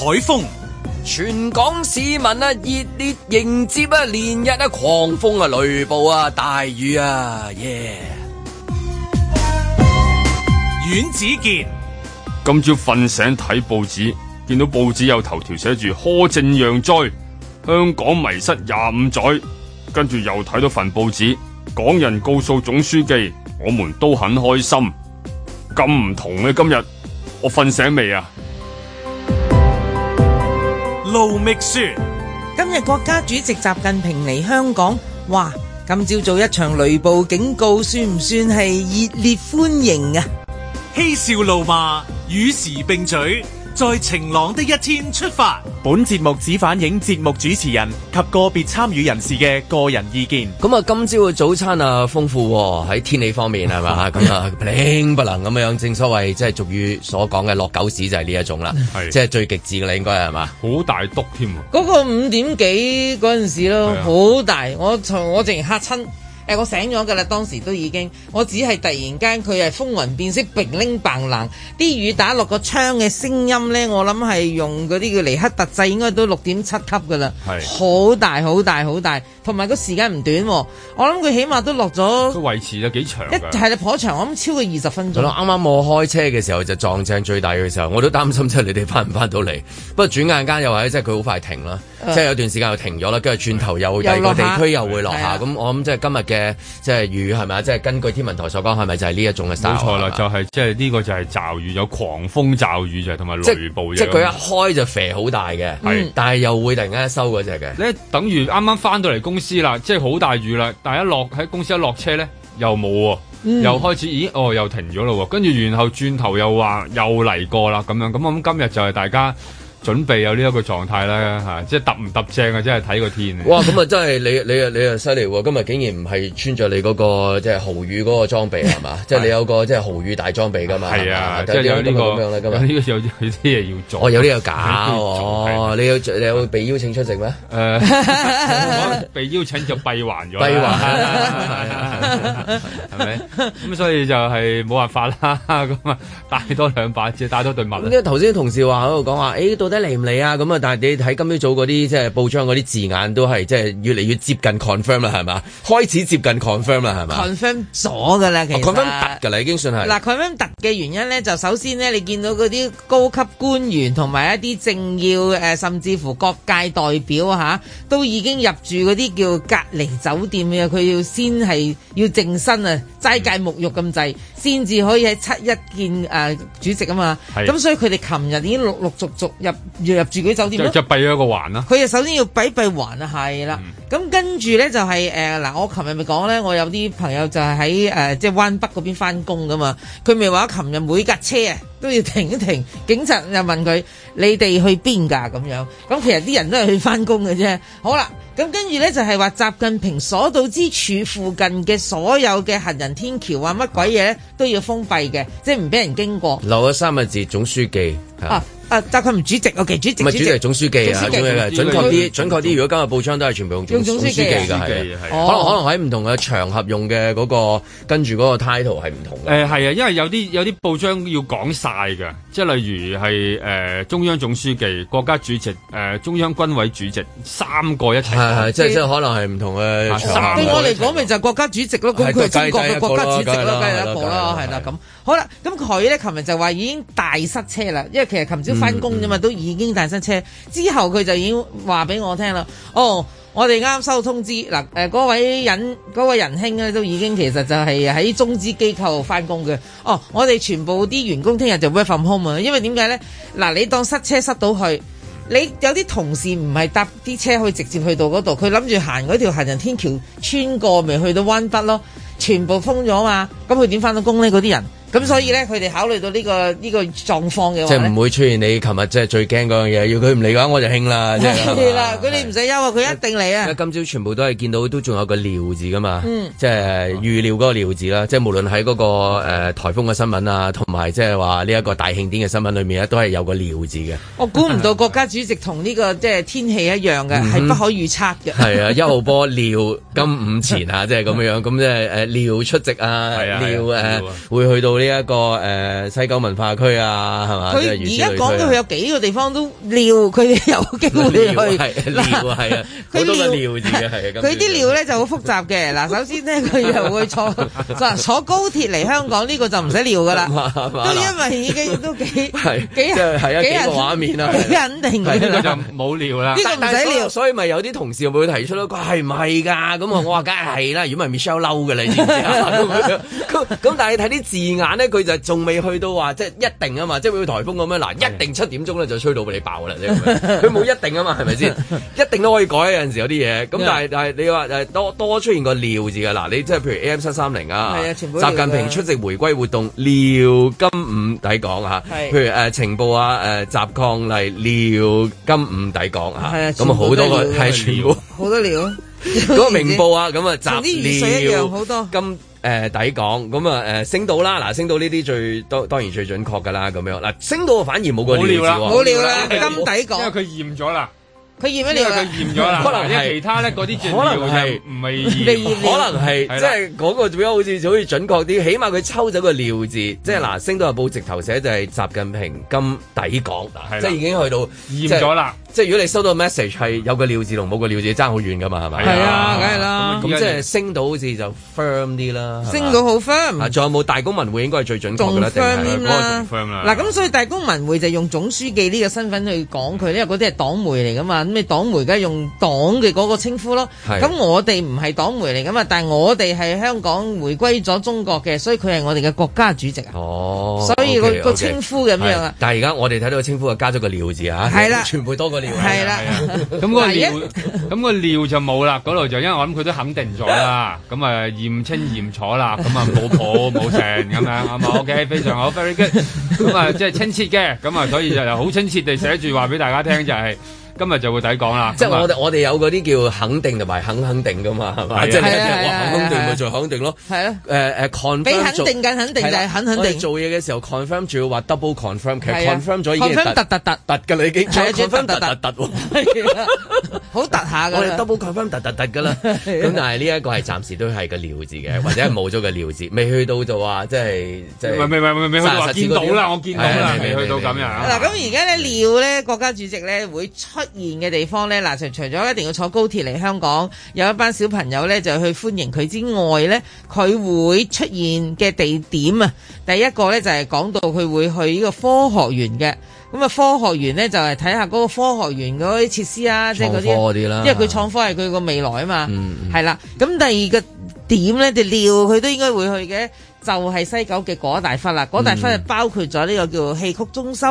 台風，全港市民啊熱烈迎接啊連日啊狂風啊雷暴啊大雨啊耶！阮、yeah、子健，今朝瞓醒睇報紙，見到報紙有頭條寫住苛政殃災，香港迷失廿五載。跟住又睇到份報紙，港人告訴總書記，我們都很開心。咁唔同嘅今日，我瞓醒未啊？盧覓雪說，今日國家主席習近平嚟香港，哇！今朝做一場雷暴警告，算唔算係熱烈歡迎啊？嬉笑怒罵，與時並舉。在晴朗的一天出發。本節目只反映節目主持人及個別參與人士嘅個人意見。咁啊，今朝嘅早餐啊豐富喎。喺天氣方面係嘛？咁 啊，並不能咁樣。正所謂即係俗語所講嘅落狗屎，就係呢一種啦。係即係最極致嘅你應該係嘛？好大篤添。嗰、那個五點幾嗰陣時咯，好大。我從我竟然嚇親。誒、哎，我醒咗㗎啦！當時都已經，我只係突然間佢係風雲變色，乒呤 b a 啲雨打落個窗嘅聲音咧，我諗係用嗰啲叫尼克特制，應該都六點七級㗎啦，好大好大好大，同埋個時間唔短、哦，我諗佢起碼都落咗。佢維持咗幾長一係啦，頗長，我諗超過二十分鐘。啱啱我開車嘅時候就撞正最大嘅時候，我都擔心即係你哋翻唔翻到嚟。不過轉眼間又係即係佢好快停啦、呃，即係有段時間又停咗啦，跟住轉頭又第二、呃、個地區又會落下。咁、呃呃、我諗即係今日嘅。誒，即係雨係咪啊？即係根據天文台所講，係咪就係呢一種嘅？冇錯啦，就係、是、即係呢、這個就係驟雨，有狂風驟雨就係同埋雷暴嘅。即係佢、就是、一開就肥好大嘅，係，但係又會突然間收嗰只嘅。咧等於啱啱翻到嚟公司啦，即係好大雨啦。但係一落喺公司一落車咧，又冇啊，又開始、嗯、咦哦，又停咗咯。跟住然後轉頭又話又嚟過啦，咁樣咁咁。今日就係大家。準備有呢一個狀態吓，即係揼唔揼正啊，真係睇個天啊！哇，咁啊，真係你你啊你啊犀利喎！今日竟然唔係穿着你嗰、那個、就是、個 即係豪、就是、雨嗰個裝備係嘛？即係你有個即係豪雨大裝備噶嘛？係啊，啊即係有呢、這個咁樣啦，咁呢、這個有啲嘢要做。哦，有呢、這個假個哦，你有你有被邀請出席咩？誒、呃， 被邀請就閉環咗。閉環係係咪？咁、啊啊啊啊啊啊 啊、所以就係冇辦法啦。咁啊，帶多兩把，只帶多對襪。呢個頭先同事話喺度講話，誒到底嚟唔嚟啊？咁啊，但係你睇今朝早嗰啲即係報章嗰啲字眼，都係即係越嚟越接近 confirm 啦，係嘛？開始接近 confirm 啦，係咪 confirm 咗噶啦，其實、哦、confirm 突噶啦，已經算係。嗱，confirm 突嘅原因咧，就首先咧，你見到嗰啲高級官員同埋一啲政要甚至乎各界代表吓、啊，都已經入住嗰啲叫隔離酒店嘅，佢要先係要淨身啊，齋戒沐浴咁滯。嗯先至可以喺七一見誒、呃、主席啊嘛，係咁，所以佢哋琴日已經陸陸續續入入入住嗰酒店啦。就就閉咗個環啦、啊。佢就首先要閉閉環啊，係啦。嗯咁跟住呢，就係誒嗱，我琴日咪講呢。我有啲朋友就係喺誒即係灣北嗰邊翻工噶嘛，佢咪話琴日每架車啊都要停一停，警察又問佢：你哋去邊㗎？咁樣咁其實啲人都係去翻工嘅啫。好啦，咁跟住呢，就係話習近平所到之處附近嘅所有嘅行人天橋啊，乜鬼嘢都要封閉嘅，即係唔俾人經過。留咗三個字，總書記、啊啊！但佢唔主席啊，其、OK, 主席唔係主席係總書記啊，準確啲準確啲。如果今日報章都係全部用總書記噶係、啊哦，可能可能喺唔同嘅場合用嘅嗰、那個跟住嗰個 title 係唔同嘅。誒係啊，因為有啲有啲報章要講晒嘅，即係例如係誒、呃、中央總書記、國家主席、誒、呃、中央軍委主席三個一齊。係即係即係可能係唔同嘅。我哋講咪就係國家主席咯。咁佢中國家主席咯，梗係一個啦，係啦咁。好啦，咁佢呢，琴日就話已經大塞車啦。因為其實琴朝翻工啫嘛，都已經大塞車。之後佢就已經話俾我聽啦。哦，我哋啱收到通知，嗱、呃，嗰位人嗰位仁兄呢，都已經其實就係喺中資機構翻工嘅。哦，我哋全部啲員工聽日就 work from home 啊，因為點解呢？嗱，你當塞車塞到去，你有啲同事唔係搭啲車可以直接去到嗰度，佢諗住行嗰條行人天橋穿過，咪去到灣北咯。全部封咗嘛，咁佢點翻到工呢？嗰啲人？咁所以咧，佢哋考慮到呢、這個呢、這個狀況嘅話，即係唔會出現你琴日即係最驚嗰樣嘢。要佢唔嚟嘅話，我就興啦，係啦，佢哋唔使憂，佢一定嚟啊！今朝全部都係見到，都仲有個料字噶嘛，即係預料嗰個料字啦。即係、嗯、無論喺嗰、那個、呃、台颱風嘅新聞啊，同埋即係話呢一個大慶典嘅新聞裏面都係有個料字嘅。我估唔到國家主席同呢、這個即係天氣一樣嘅，係、嗯、不可預測嘅。係啊，一號波料今五前啊，即係咁樣，咁即係誒出席啊，尿 誒會去到。呢一個誒西九文化區啊，係咪？佢而家講到佢有幾個地方都撩，佢哋有機會去啦。係啊，佢撩撩嘅係啊，佢啲撩咧就好複雜嘅。嗱，首先咧佢又會坐，坐高鐵嚟香港呢個就唔使撩噶啦。都因為已經都幾係幾係幾個畫面啊，肯定係呢個就冇撩啦。呢個唔使撩，所以咪有啲同事會提出咯。佢係唔係㗎？咁我我話梗係係啦。如果唔係，Michelle 嬲㗎啦。知唔知啊？咁咁，但係你睇啲字眼。但咧佢就係仲未去到話即係一定啊嘛，即係會颱風咁樣嗱，一定七點鐘咧就吹到畀你爆啦，即係佢冇一定啊嘛，係咪先？一定都可以改，有陣時有啲嘢，咁但係但係你話誒多多出現個料字嘅嗱，你即係譬如 AM 七三零啊，習近平出席回歸活動料今午抵港啊，譬如誒情報啊誒集抗黎料今午抵港啊，咁好多個係全部好多料，嗰個明報啊咁啊集廖金。誒、呃，抵港咁啊，誒、嗯，星島啦，嗱，星島呢啲最，當當然最準確噶啦，咁樣嗱，星島反而冇個料字，冇料啦，啦，今抵港，因為佢驗咗啦，佢驗咩料？佢驗咗啦，可能其他咧嗰啲，可能係唔係驗，可能係即係嗰個比較好似好似準確啲，起碼佢抽走個料字，即係嗱，星島日報直頭寫就係習近平今抵港，即係已經去到驗咗啦。就是即係如果你收到 message 係有個尿字同冇個尿字爭好遠噶嘛係咪？係啊，梗係啦。咁、嗯、即係升到好似就 firm 啲啦。升到好 firm。仲有冇大公文匯應該係最準確的 firm、嗰個、firm 啦，定嗱咁所以大公文匯就係用總書記呢個身份去講佢，因為嗰啲係黨媒嚟噶嘛。咁、嗯、你黨媒梗係用黨嘅嗰個稱呼咯。咁我哋唔係黨媒嚟噶嘛，但係我哋係香港回歸咗中國嘅，所以佢係我哋嘅國家主席啊。哦。所以個個稱呼咁、okay, okay，樣啊。但係而家我哋睇到個稱呼係加咗個尿字啊。係啦，全部多過你。.係啦，咁個尿，咁個尿就冇啦，嗰度就因為我諗佢都肯定咗啦，咁啊驗清驗楚啦，咁啊冇鋪冇成咁樣，好唔好？OK，非常好，very good，咁啊即係親切嘅，咁啊所以就又好親切地寫住話俾大家聽就係。今日就會抵講啦，即係我哋我哋有嗰啲叫肯定同埋肯肯定噶嘛，係咪？即係一隻話肯肯定咪就肯定咯。係啊，啊，誒誒、啊、比肯定更肯定就係、是、肯、啊、肯定。嗯肯定啊、肯定做嘢嘅時候 confirm 仲要話 double confirm，confirm 咗、啊、confirm 已經突突突你已經 c o n f i 好突下㗎。我哋 double confirm 突突突㗎啦。咁但係呢一個係暫時都係個料字嘅，或者係冇咗個料字，未去到就話即係即係，唔係唔係唔係未去到話見到啦，我見到啦，未去到咁樣。嗱咁而家咧料咧國家主席咧會出。出現嘅地方呢，嗱除咗一定要坐高鐵嚟香港，有一班小朋友呢，就去歡迎佢之外呢，佢會出現嘅地點啊，第一個呢，就係講到佢會去呢個科學園嘅，咁啊科學園呢，就係睇下嗰個科學園嗰啲設施啊，即係嗰啲因為佢創科係佢個未來啊嘛，係、嗯、啦、嗯，咁第二個點呢，就料佢都應該會去嘅，就係西九嘅嗰大忽啦，嗰大忽係包括咗呢個叫戲曲中心。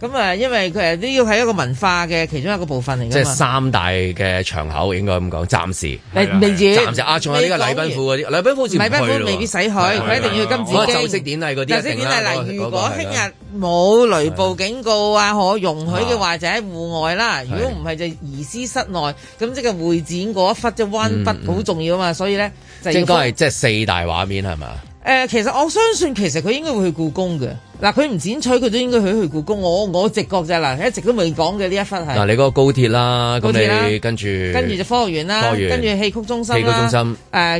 咁、嗯、啊，因為佢都要喺一個文化嘅其中一個部分嚟嘅，即係三大嘅場口應該咁講，暫時明子暫時啊，仲有呢個禮賓府嗰啲禮賓府，府未必使佢，佢一定要去今次嘅就職典禮嗰啲啦。如果聽日冇雷暴警告啊，可容許嘅話，就喺戶外啦。如果唔係、嗯，就移師室內。咁即係會展嗰一忽即彎忽好重要啊嘛、嗯，所以咧就要應該係即係四大畫面係嘛、呃？其實我相信其實佢應該會去故宮嘅。嗱、啊，佢唔剪綵，佢都應該去去故宮。我我直覺啫，嗱，一直都未講嘅呢一份係嗱，你嗰個高鐵啦，咁你跟住跟住就科學園啦，科學園跟住戲，戲曲中心，曲中誒，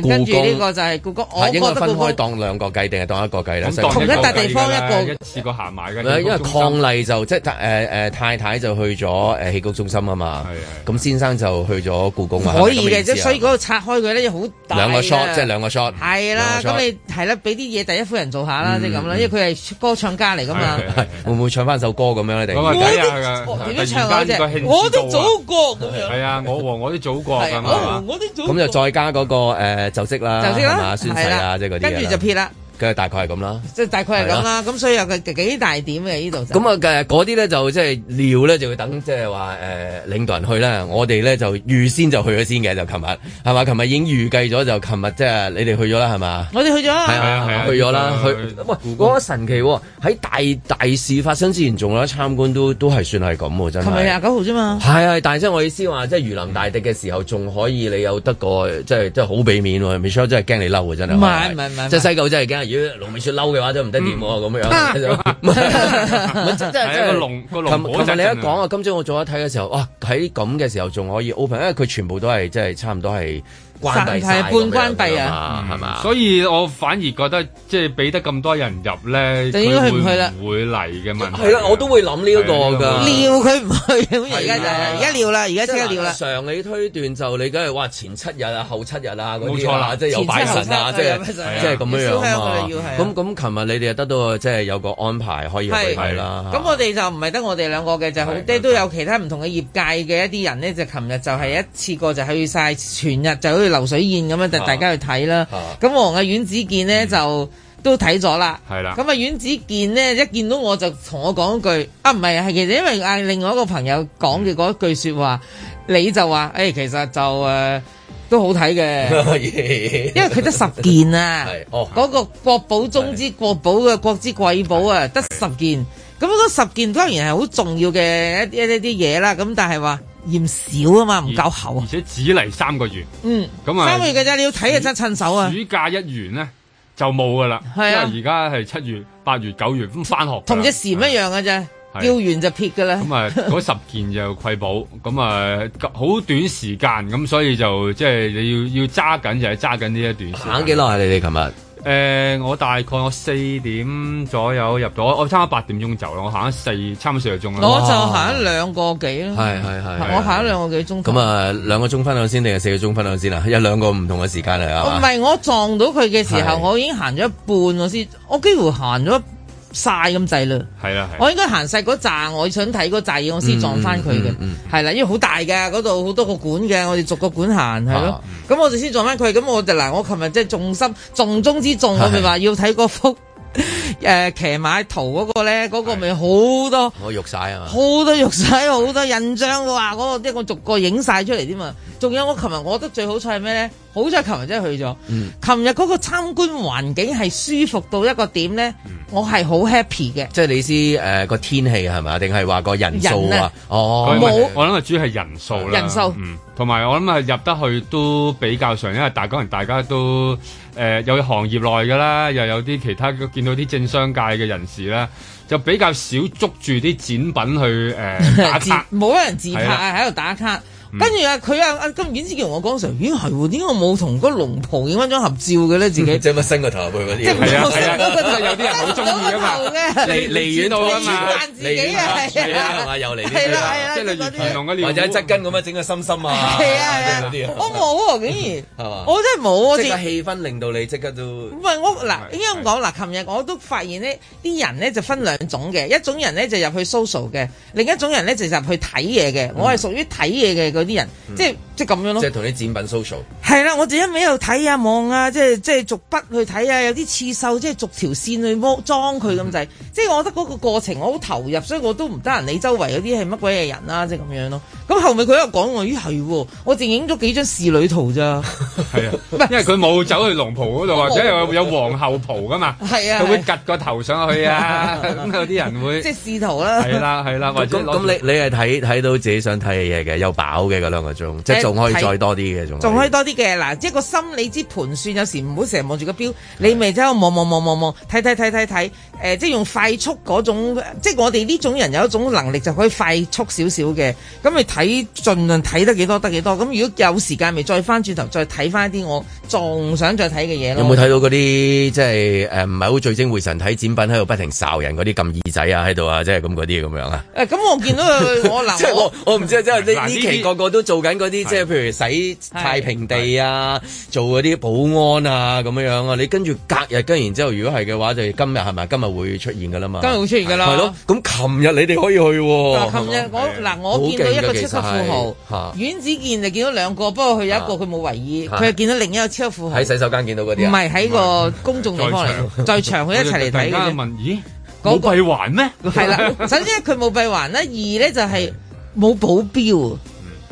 跟住呢個就係故宮，我、啊、應該分開當兩個計定係當一個計咧？同一笪地方一個試過行埋嘅，因為伉儷就即係誒、呃呃、太太就去咗誒、呃、戲曲中心啊嘛，咁、嗯、先生就去咗故宮可以嘅，所以嗰個拆開佢啲嘢好大兩個 shot，即、啊、係、就是、兩個 shot，係啦，咁你係啦，俾啲嘢第一夫人做下啦，即係咁啦，因為佢係歌唱。家嚟噶嘛？係會唔會唱翻首歌咁樣咧？哋講下偈啊。唱啊？即 我的祖國咁樣。係 啊， 我和我的祖國啊嘛，我啲祖咁就再加嗰、那個誒、呃、就職啦，係嘛，宣誓啊，即係嗰啲跟住就撇啦。嘅大概係咁啦，即係大概係咁啦，咁所以有佢幾大點嘅呢度？咁啊，嗰啲咧就即係料咧，就要等即係話誒領導人去啦。我哋咧就預先就去咗先嘅，就琴日係嘛？琴日已經預計咗，就琴日即係你哋去咗啦，係嘛？我哋去咗，係啊係啊，去咗啦，喂，嗰個神奇喎，喺大大事發生之前仲有參觀都都係算係咁喎，真係。琴日廿九號啫嘛，係係，但係即係我意思話，即係如臨大敵嘅時候，仲可以你有得過即係即係好俾面，Michelle 真係驚你嬲嘅真係。唔係唔係唔係，即係西九真係驚。如果龍尾雪嬲嘅話，都唔得掂喎，咁樣。即係即係個龍個龍。其實你一講啊， 今朝我早一睇嘅時候，哇、啊！喺咁嘅時候仲可以 open，因為佢全部都係即係差唔多係。關係半關閉啊，係、嗯、嘛？所以我反而覺得即係俾得咁多人入咧，就應該去唔去啦？會嚟嘅問題係啦、啊，我都會諗呢一個㗎。撩佢唔去，咁而家就而家撩啦，而家、啊、即刻撩啦。常理推斷就你梗係話前七日啊、後七日啊嗰啲啦，即係有拜神、啊、前七後七，即係、啊、即係咁、啊啊就是、樣樣啊嘛。要係咁咁，琴日、啊、你哋又得到即係有個安排可以去啦。咁、啊啊、我哋就唔係得我哋兩個嘅，就好即、啊就是、都有其他唔同嘅業界嘅一啲人咧，就琴日就係一次過就去晒全日，就流水宴咁樣，就大家去睇啦。咁黃阿阮子健呢、嗯、就都睇咗啦。係啦。咁啊，阮子健呢一見到我就同我講句啊，唔係，係其實因為嗌另外一個朋友講嘅嗰一句說話，你就話哎，其實就誒、啊、都好睇嘅。 因為佢得十件啊，嗰、 哦那個國寶中之國寶嘅國之貴寶啊，得十件。咁嗰、那個、十件當然係好重要嘅一啲一啲嘢啦。咁但係話。嫌少啊嘛，唔夠厚啊，而且只嚟三個月，嗯，咁、嗯、啊三個月嘅啫，你要睇啊真趁手啊，暑假一完咧就冇噶啦，係啊，因為而家係七月、八月、九月咁翻學，同隻蟬一樣嘅啫，叫完就撇噶啦，咁啊嗰十件就瑰寶，咁啊好短時間，咁所以就即係、就是、你要要揸緊就喺揸緊呢一段時間，行幾耐啊你哋琴日？誒、呃，我大概我四點左右入咗，我差唔多八點鐘走啦，我行咗四,四差唔多四個鐘啦。我就行咗兩個幾咯，係係係，我行咗兩個幾鐘。咁啊，兩個鐘分享先定係四個鐘分享先啊？有兩個唔同嘅時間嚟啊？唔係，我撞到佢嘅時候，我已經行咗一半，我先，我幾乎行咗。晒咁滯啦，係、啊啊啊、我應該行晒嗰扎，我想睇嗰掣，我先撞翻佢嘅。係、嗯、啦、嗯嗯，因為好大嘅嗰度好多個館嘅，我哋逐個館行係咯，咁、啊、我哋先撞翻佢，咁我哋嗱，我琴日即係重心重中之重，我咪話要睇嗰幅誒騎、呃、馬圖嗰個咧，嗰、嗰個咪好多，好、啊、多肉晒啊嘛，好多肉晒，好多印章嘅話，嗰、嗰個啲我逐個影晒出嚟添嘛。仲有我琴日我覺得最好彩係咩咧？好彩琴日真係去咗，琴日嗰個參觀環境係舒服到一個點咧、嗯，我係好 happy 嘅。即係你知誒個、呃、天氣係咪啊？定係話個人數啊？哦，冇，我諗係主要係人數啦。人數，嗯，同埋我諗係入得去都比較常，因為大家可能大家都誒、呃、有行業內㗎啦，又有啲其他見到啲政商界嘅人士啦，就比較少捉住啲展品去誒、呃、打卡，冇人自拍啊，喺度打卡。嗯、跟住啊，佢啊啊，今次先叫我講成，咦係喎？點、哎、解我冇同個龍婆影翻張合照嘅咧？自己即係乜新個頭殼嗰啲，係啊係啊，有啲人好中意啊嘛，離遠到我離遠好啊嘛，啊係啊係啊，係又嚟係啦係啦，即係嗰啲，或者側根咁樣整個心心啊，係啊係啊，我冇竟然，我真係冇啊！即個氣氛令到你即刻都唔係我嗱，應該咁講嗱，琴日我，我都發現呢啲人呢，就分兩種嘅，一種人呢，就入去 social 嘅，另一種人呢，就入去睇嘢嘅。我係屬於睇嘢嘅。有啲人即係、嗯、即係咁樣咯，即係同啲展品 social。係啦，我就一味喺度睇下望啊，即係即係逐筆去睇啊，有啲刺繡即係逐條線去裝裝佢咁就， 即係我覺得嗰個過程我好投入，所以我都唔得閒理周圍嗰啲係乜鬼嘢人啦，即係咁樣咯。咁後尾佢又講話咦係喎，我淨影咗幾張侍女圖咋？係啊， 因為佢冇走去龍袍嗰度或者有皇后袍噶嘛？係 啊，佢會擳個頭上去啊！咁、 啊、有啲人會即係、就是、試圖啦。係啦係啦，或者咁你你係睇睇到自己想睇嘅嘢嘅，有飽嘅嗰兩個鐘，即係仲可以再多啲嘅仲仲可以多啲嘅嗱，即係個心理之盤算，有時唔好成日望住個表，你咪即係望望望望望睇睇睇睇睇誒，即係用快速嗰種，即係我哋呢種人有一種能力就可以快速少少嘅，咁咪。睇，儘量睇得幾多得幾多。咁如果有時間咪再翻轉頭再睇翻啲我仲想再睇嘅嘢咯。有冇睇到嗰啲即係誒唔係好聚精會神睇展品喺度不停哨人嗰啲撳耳仔啊喺度啊，即係咁嗰啲咁樣啊？誒、欸，咁我見到佢，嗱 我， 我我 我我 即我我唔知即係呢期個個都，都做緊嗰啲，即 係譬如洗太平地啊，做嗰啲保安啊咁樣啊。你跟住隔日跟完之後，如果係嘅話，就今日係咪今日會出現㗎啦嘛？今日會出現㗎啦。係 咯，咁琴日你哋可以去。嗱，琴日我嗱， 我， 我， 我見到一個。超級富豪，阮子健就見到兩個，不過佢有一個佢冇為意。佢係見到另一個超級富豪，喺洗手間見到嗰啲，唔係喺個公眾地方嚟，在場佢 一齊嚟睇嘅。就就問，咦，冇閉環咩？係啦， 首先佢冇閉環啦，二咧就係冇保鏢。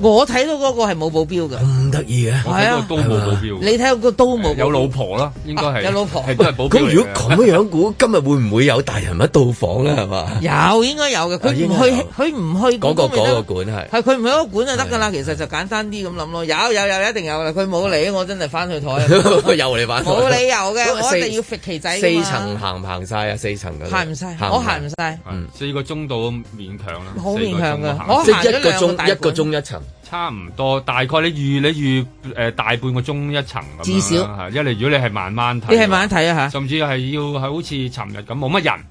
我睇到嗰個係冇保鏢嘅，唔得意嘅，係啊，個都冇保鏢。你睇到個都冇，有老婆啦，應該係、啊、有老婆，係保鏢。咁如果咁樣估， 今日會唔會有大人物到訪咧？係、嗯、嘛？有應該有嘅，佢唔去，佢唔去。嗰、那個嗰、那個館係係佢唔去個個館就得㗎啦。其實就簡單啲咁諗咯。有有有，一定有啦。佢冇你，我真係翻去台，又嚟冇理由嘅、那個，我一定要揈旗仔。四層行唔行晒啊？四層、那個、行唔晒。我行唔晒、嗯。四個鐘到勉強啦，好勉強㗎。我行個一個鐘一差唔多，大概你預你預誒、呃、大半個鐘一層，咁樣，至少一嚟，如果你係慢慢睇，你係慢慢睇啊吓，甚至係要係好似尋日咁冇乜人。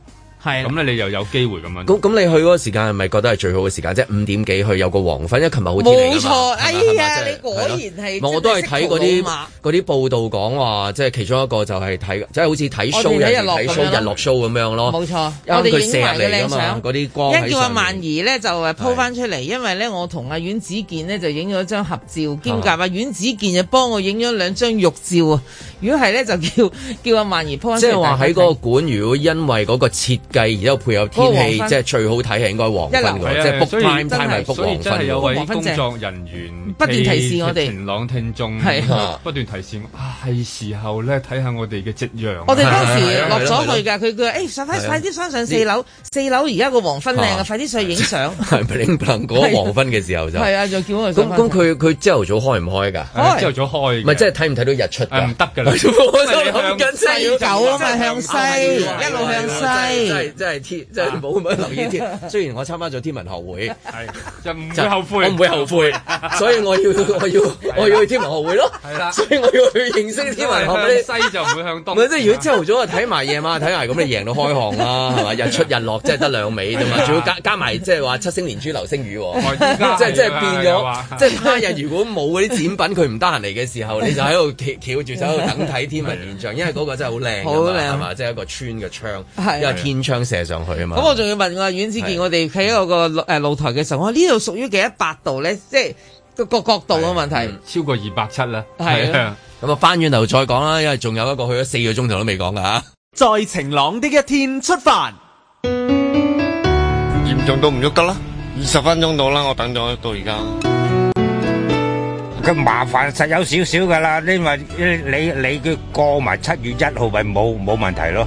咁咧，你又有機會咁樣。咁咁你去嗰個時間係咪覺得係最好嘅時間？即係五點幾去有個黃昏，因為琴日好天嚟。冇錯，哎呀，你果然係。我都係睇嗰啲嗰啲報道講話，即係其中一個就係睇，即係好似睇 show 一樣，睇 show 日落 show 咁樣咯。冇錯，因為佢射嚟啊嘛。嗰啲光喺上。一叫阿萬兒咧就鋪翻出嚟，因為咧我同阿阮子健咧就影咗一張合照兼夾，啊、阿阮子健就幫我影咗兩張玉照啊。如果係咧就叫叫阿萬兒鋪翻。即係話喺嗰個館，如果因為嗰個設而之後配有天氣，即係最好睇係應該黃昏即係 book time t i 黃昏㗎。所以，是是所以有啲工作人員不斷提示我哋晴朗聽眾係不斷提示，係、啊、時候咧睇下我哋嘅夕陽。我哋當時落咗去㗎，佢佢誒快啲上上四樓，四樓而家個黃昏靚啊，快啲上去影相。係你唔能嗰個黃昏嘅時候就係啊？就叫咁。咁佢佢朝頭早開唔開㗎？朝頭早開。唔係即係睇唔睇到日出？唔得㗎啦。我向西一路向西。即係天，真係冇留意添。雖然我參加咗天文學會，係就唔會後悔，我唔會後悔，所以我要我要我要去天文學會咯。係啦，所以我要去認識天文學會。西就唔會向東。即、啊、係如果朝頭早啊睇埋，夜晚睇埋咁，你贏到開行啦、啊，係嘛？日出日落即係得兩尾啫嘛，仲要加加埋即係話七星連珠、流星雨、啊，即係即係變咗。即係當日如果冇嗰啲展品，佢唔得閒嚟嘅時候，你就喺度翹住手喺度等睇天文現象，因為嗰個真係好靚，係嘛？即係一個村嘅窗，又天窗。是的是的是的是的。槍射上去啊嘛！咁我仲要問啊，阮子健，我哋喺嗰個誒露台嘅時候，呢度屬於幾多百度咧？即係個，個角度嘅問題，超過二百七啦。係咁啊翻轉頭再講啦，因為仲有一個去咗四個鐘頭都未講噶吓。在晴朗的一天出發，嚴重到唔喐得啦，二十分鐘到啦，我等咗到而家。咁麻煩實有少少噶啦，因為你你佢過埋七月一號咪冇冇問題咯。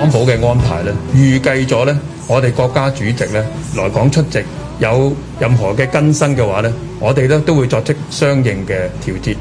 安保嘅安排呢，預計咗呢，我哋國家主席呢來港出席，有任何嘅更新嘅話呢，我哋呢都會作出相應嘅調節。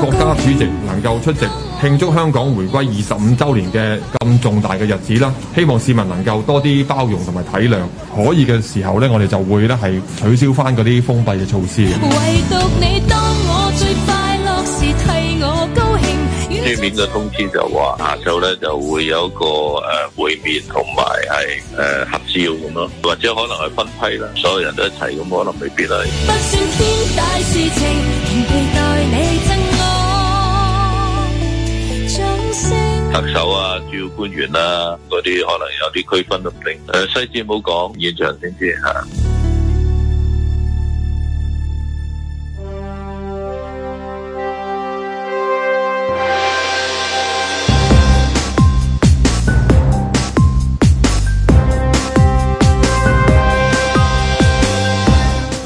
國家主席能夠出席慶祝香港回歸二十五週年嘅咁重大嘅日子啦，希望市民能夠多啲包容同埋體諒，可以嘅時候咧，我哋就會咧係取消翻嗰啲封閉嘅措施。書面嘅通知就話，下晝咧就會有個會面同埋係誒合照咁咯，或者可能係分批啦，所有人都一齊咁，可能未必啦。特首啊，主要官員啦，啊，嗰啲可能有啲區分都唔定。誒，細節唔好講，現場先知吓。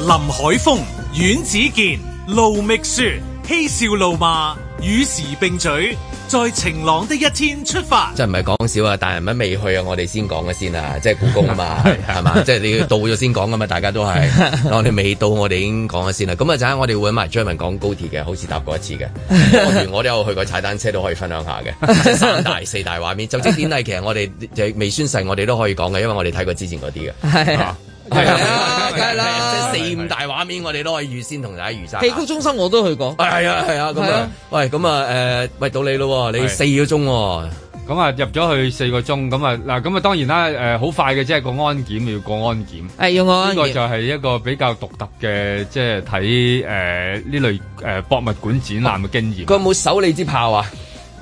林海峰、阮子健、盧覓雪，嬉笑怒罵，與時並舉。在晴朗的一天出發，即係唔係講少啊？但係咪未去啊，我哋先講嘅先啊，即係故宮啊嘛，係係嘛？ 即係你要到咗先講噶嘛？大家都係， 我哋未到，我哋已經講咗先啦。咁啊，就係我哋揾埋 Jeremy 講高鐵嘅，好似搭過一次嘅。 我我都有去過踩單車，都可以分享下嘅 三大四大畫面。 就職典禮其實我哋未宣誓，我哋都可以講嘅，因為我哋睇過之前嗰啲嘅。 啊係啊，梗係啦，即係四五大畫面，我哋都可以預先同大家預晒。戲曲中心我都去過，係啊，係啊，咁樣。喂，咁啊，誒，喂，到你咯，你四個鐘，咁啊，入咗去四個鐘，咁啊，嗱，咁啊，當然啦，誒，好快嘅，即係個安檢要過安檢。誒，要安檢。呢個就係一個比較獨特嘅，即係睇誒呢類誒博物館展覽嘅經驗。佢、哦、有冇手你支炮啊？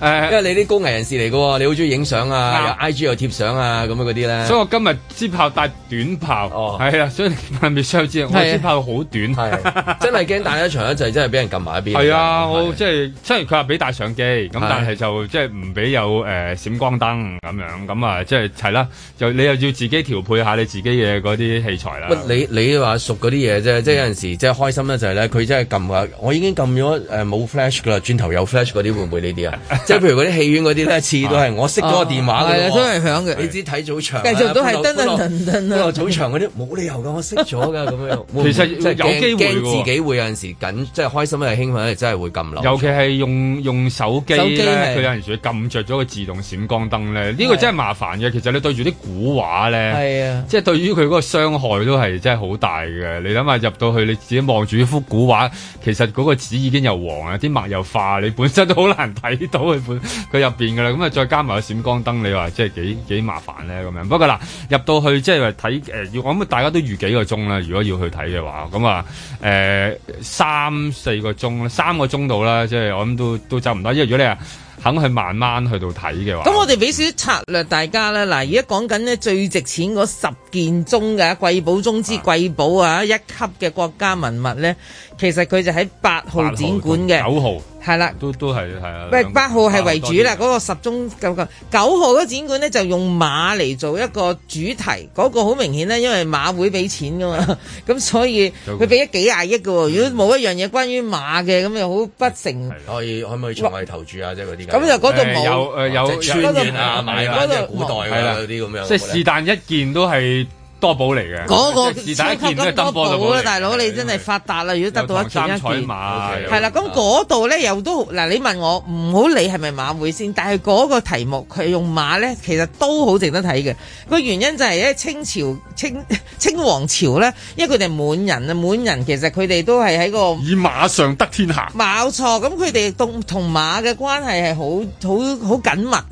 因為你啲高危人士嚟噶，你好中意影相啊有，IG 又貼相啊，咁、啊、樣嗰啲咧。所以我今日支炮帶短炮，哦，係啊，所以你未知之，我支炮好短，真係驚帶一場一就真係俾人撳埋一邊。係啊，我即係、啊 就是啊啊就是啊、雖然佢話俾帶相機，咁、啊、但係就即係唔俾有誒閃、呃、光燈咁樣，咁啊即係係啦，就,是啊、就你又要自己調配下你自己嘅嗰啲器材啦。不，你你話熟嗰啲嘢啫，即係有陣時、嗯、即係開心咧就係咧，佢真係撳啊，我已經撳咗誒冇 flash 噶啦，轉頭有 flash 嗰啲會唔會呢啲啊？ 即係譬如嗰啲戲院嗰啲咧，次次都係我熄咗個電話嘅、啊、都係響嘅。你知睇早場、啊，繼續都係燈燈燈燈。啊！早場嗰啲冇理由㗎。我熄咗㗎，咁 樣。其實有機會怕自己會有陣時緊，即 係開心咧，興奮咧，真係會撳漏。尤其係用用手機咧，佢有陣時撳着咗個自動閃光燈咧，呢、呢個真係麻煩嘅。其實你對住啲古畫咧，啊，即、就、係、是、對於佢嗰個傷害都係真係好大嘅。你諗下入到去，你自己望住呢幅古畫，其實嗰個紙已經又黃啊，啲墨又化，你本身都好難睇到。佢入邊噶啦，咁啊再加埋個閃光燈，你話即係幾幾麻煩咧？咁樣不過啦，入到去即係話睇誒，我諗大家都預幾個鐘啦，如果要去睇嘅話，咁啊誒三四個鐘，三個鐘度啦，即係我諗都都走唔到。因為如果你啊肯去慢慢去到睇嘅話，咁我哋俾少啲策略大家啦。嗱，而家講緊呢最值錢嗰十件鐘嘅貴寶中之貴寶啊，一級嘅國家文物咧，其實佢就喺八號展館嘅九號。係啦，都都係係啊！喂八號係為主啦，嗰個十中九九號嗰展館咧就用馬嚟做一個主題，嗰個好明顯咧，因為馬會俾錢噶嘛，咁所以佢俾咗幾廿億噶、哦，如果冇一樣嘢關於馬嘅，咁又好不成。可以可唔可以作為投注啊？即係嗰啲咁就嗰度冇，有誒有有穿越啊，買即係古代啊嗰啲咁樣，即係是但一件都係。多寶嚟嘅，嗰個其實都多寶，那個那個寶啊，大佬你真係發達啦！如果得到一件一馬，係啦，咁嗰度咧又都嗱，你問我唔好理係咪馬會先，但係嗰個題目佢用馬咧，其實都好值得睇嘅。個原因就係咧，清朝清清王朝咧，因為佢哋滿人啊，滿人其實佢哋都係喺個以馬上得天下，冇錯。咁佢哋同同馬嘅關係係好好好緊密啊。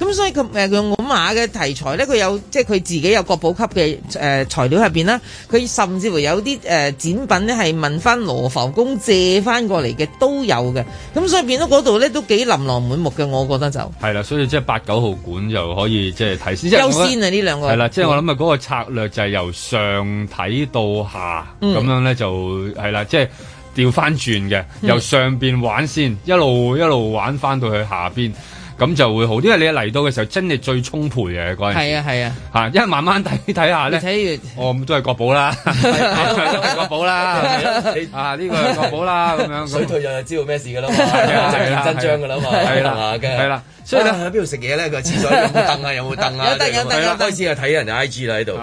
咁所以佢誒佢。馬嘅題材咧，佢有即係佢自己有國寶級嘅誒、呃、材料入邊啦，佢甚至乎有啲誒、呃、展品咧係問翻羅浮宮借翻過嚟嘅都有嘅，咁、嗯、所以變咗嗰度咧都幾琳琅滿目嘅，我覺得就係啦，所以即係八九號館就可以即係睇先，優先啊呢兩個係啦，即係我諗啊嗰個策略就係由上睇到下咁、嗯、樣咧就係啦，即係調翻轉嘅，由上邊玩先，嗯、一路一路玩翻到去下邊。咁就會好，因為你嚟到嘅時候真係最充沛嘅嗰陣。係啊係啊，嚇、啊！因為慢慢睇睇下咧，睇完我咁都係國寶啦， 國寶啦， 啊呢、呢個係國寶啦咁 樣，樣水退就知道咩事嘅咯，睇真章嘅啦嘛，係啦梗係。啦、啊啊啊啊，所以咧喺邊度食嘢咧？個廁所有冇凳 啊？有冇凳啊？有凳有凳，開始係睇人嘅 I G 啦喺度，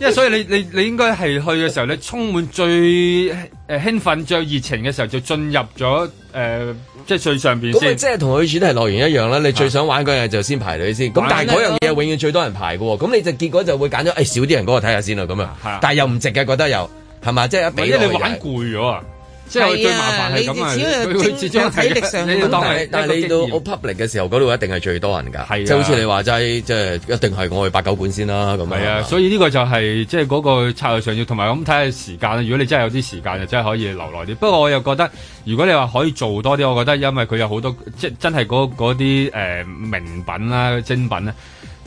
因為所以你你你應該係去嘅時候，你充滿最誒興奮、 最熱情嘅時候就進入咗。誒、呃，即係最上邊先，咁即係同佢主題樂園一樣啦。你最想玩嗰樣就先排隊先，咁但係嗰樣嘢永遠最多人排嘅喎。咁你就結果就會揀咗，誒、哎、少啲人嗰個睇下先啦。咁啊，但係又唔值嘅，覺得又係嘛，即係畀你玩攰咗啊。即係最麻煩係咁啊。佢始終，始終體力上，你當但係你到我 public 嘅時候，嗰度一定係最多人噶、啊，就好似你話齋，即係一定係我去八九館先啦、啊、咁。係啊，啊，所以呢個就係即係嗰個策略上要，同埋咁睇下時間啦。如果你真係有啲時間，就真係可以留耐啲。不過我又覺得，如果你話可以做多啲，我覺得因為佢有好多即係真係嗰啲誒名品啦、精品咧。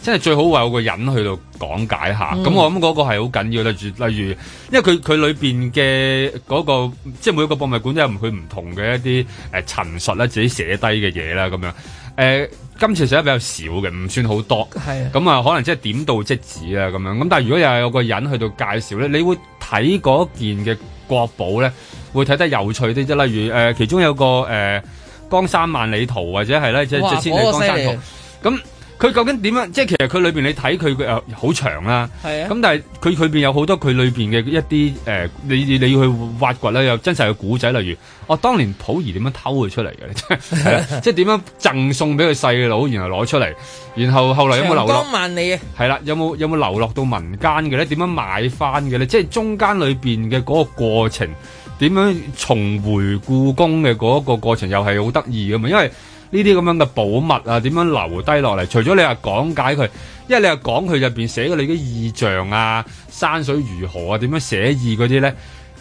即係最好話有個人去到講解下，咁、嗯、我諗嗰個係好緊要。例例如，因為佢佢裏邊嘅嗰、那個，即係每個個博物館都有佢唔同嘅一啲誒、呃、陳述呢自己寫低嘅嘢啦，咁樣誒、呃。今次寫得比較少嘅，唔算好多，咁啊，可能即係點到即止啦，咁樣。咁但係如果又係有個人去到介紹咧，你會睇嗰件嘅國寶咧，會睇得有趣啲。即例如誒、呃，其中有個誒、呃《江山萬里圖》或者係咧，即係即係《千里江山圖》咁。佢究竟點樣？即係其實佢裏面你睇佢佢好長啦，咁、啊、但係佢佢面有好多佢裏面嘅一啲誒、呃，你你要去挖掘咧，有真實嘅古仔，例如我、哦、當年溥儀點樣偷佢出嚟嘅， 即係點樣贈送俾佢細佬，然後攞出嚟，然後後來有冇流落？當萬里啊，係啦，有冇有冇流落到民間嘅咧？點樣買翻嘅咧？即係中間裏面嘅嗰個過程，點樣重回故宮嘅嗰個過程又係好得意嘅嘛，因為。呢啲咁樣嘅寶物啊，點樣留低落嚟？除咗你話講解佢，因為你又講佢入面寫嘅你嘅意象啊、山水如何啊、點樣寫意嗰啲咧，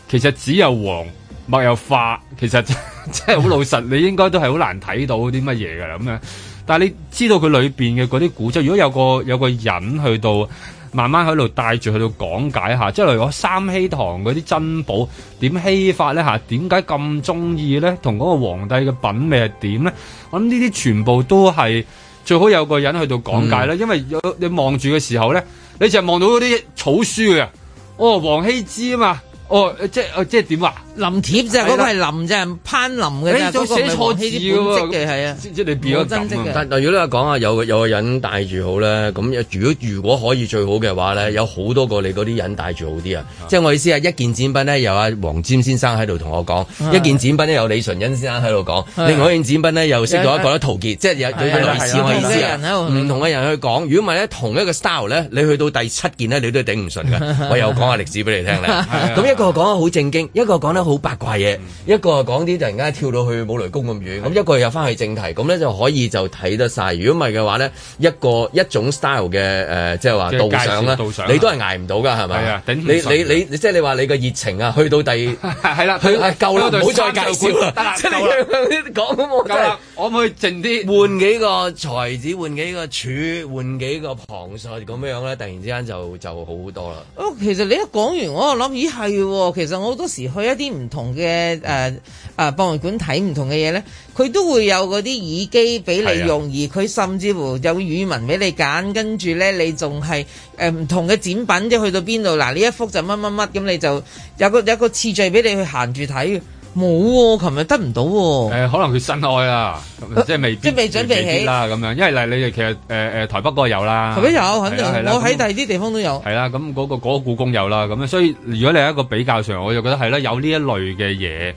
其實紙又黃，墨又化，其實即係好老實，你應該都係好難睇到啲乜嘢㗎啦。咁樣，但係你知道佢裏面嘅嗰啲古跡，如果有個有個人去到。慢慢喺度帶住去到講解下，即係例如三希堂嗰啲珍寶點希法咧嚇，點解咁中意咧？同嗰個皇帝嘅品味係點咧？我諗呢啲全部都係最好有個人去到講解啦，嗯、因為有你望住嘅時候咧，你就係望到嗰啲草書啊，哦，王羲之啊嘛～哦，即係即係點啊？林貼啫，嗰、那個係林啫，攀林嘅。你都寫錯字係啊，即係你變咗真咁。嗱、啊，但如果我講啊，有有個人帶住好咧，咁如果如果可以最好嘅話咧，有多好多個你嗰啲人帶住好啲啊。即係我意思係一件展品咧，有阿黃霑先生喺度同我講，一件展品咧有、啊、有李純恩先生喺度講，另外一件展品咧又識咗一個陶傑，即係有有類似嘅意思啊。唔同嘅人去講，如果唔係同一個 style 咧，你去到第七件咧，你都頂唔順嘅。我又講下歷史俾你聽咧，啊啊一個講得好正經，一個講得好八卦嘢，一個講啲突然間跳到去武雷宮咁遠，咁、嗯、一個又翻去正題，咁咧就可以就睇得晒。如果唔係嘅話咧，一個一種 style 嘅誒、呃就是，即係話啦，導賞你都係捱唔到㗎，係、啊、咪、啊？你你你即係你話你嘅熱情啊，去到第係啦， 去、啊、夠啦，唔好再介紹啦。得啦，我可唔可以靜啲，換幾個才子，換幾個柱，換幾個旁述咁樣咧，突然之間就就好好多啦。哦，其實你一講完，我啊諗，咦係。其實我好多時去一啲唔同嘅誒誒博物館睇唔同嘅嘢咧，佢都會有嗰啲耳機俾你用，而佢甚至乎有語文俾你揀，跟住咧你仲係誒唔同嘅展品，即去到邊度，嗱、啊、呢一幅就乜乜乜，咁你就有個有個次序俾你去行住睇。冇喎，琴日得唔到喎。誒，可能佢新開啦，即係未必，即係未準備起啦咁樣。因為例如你哋其實誒誒台北嗰個有啦，台北有肯定，我喺第二啲地方都有。係啦，咁嗰個嗰個故宮有啦，咁樣。所以如果你係一個比較上，我就覺得係啦，有呢一類嘅嘢。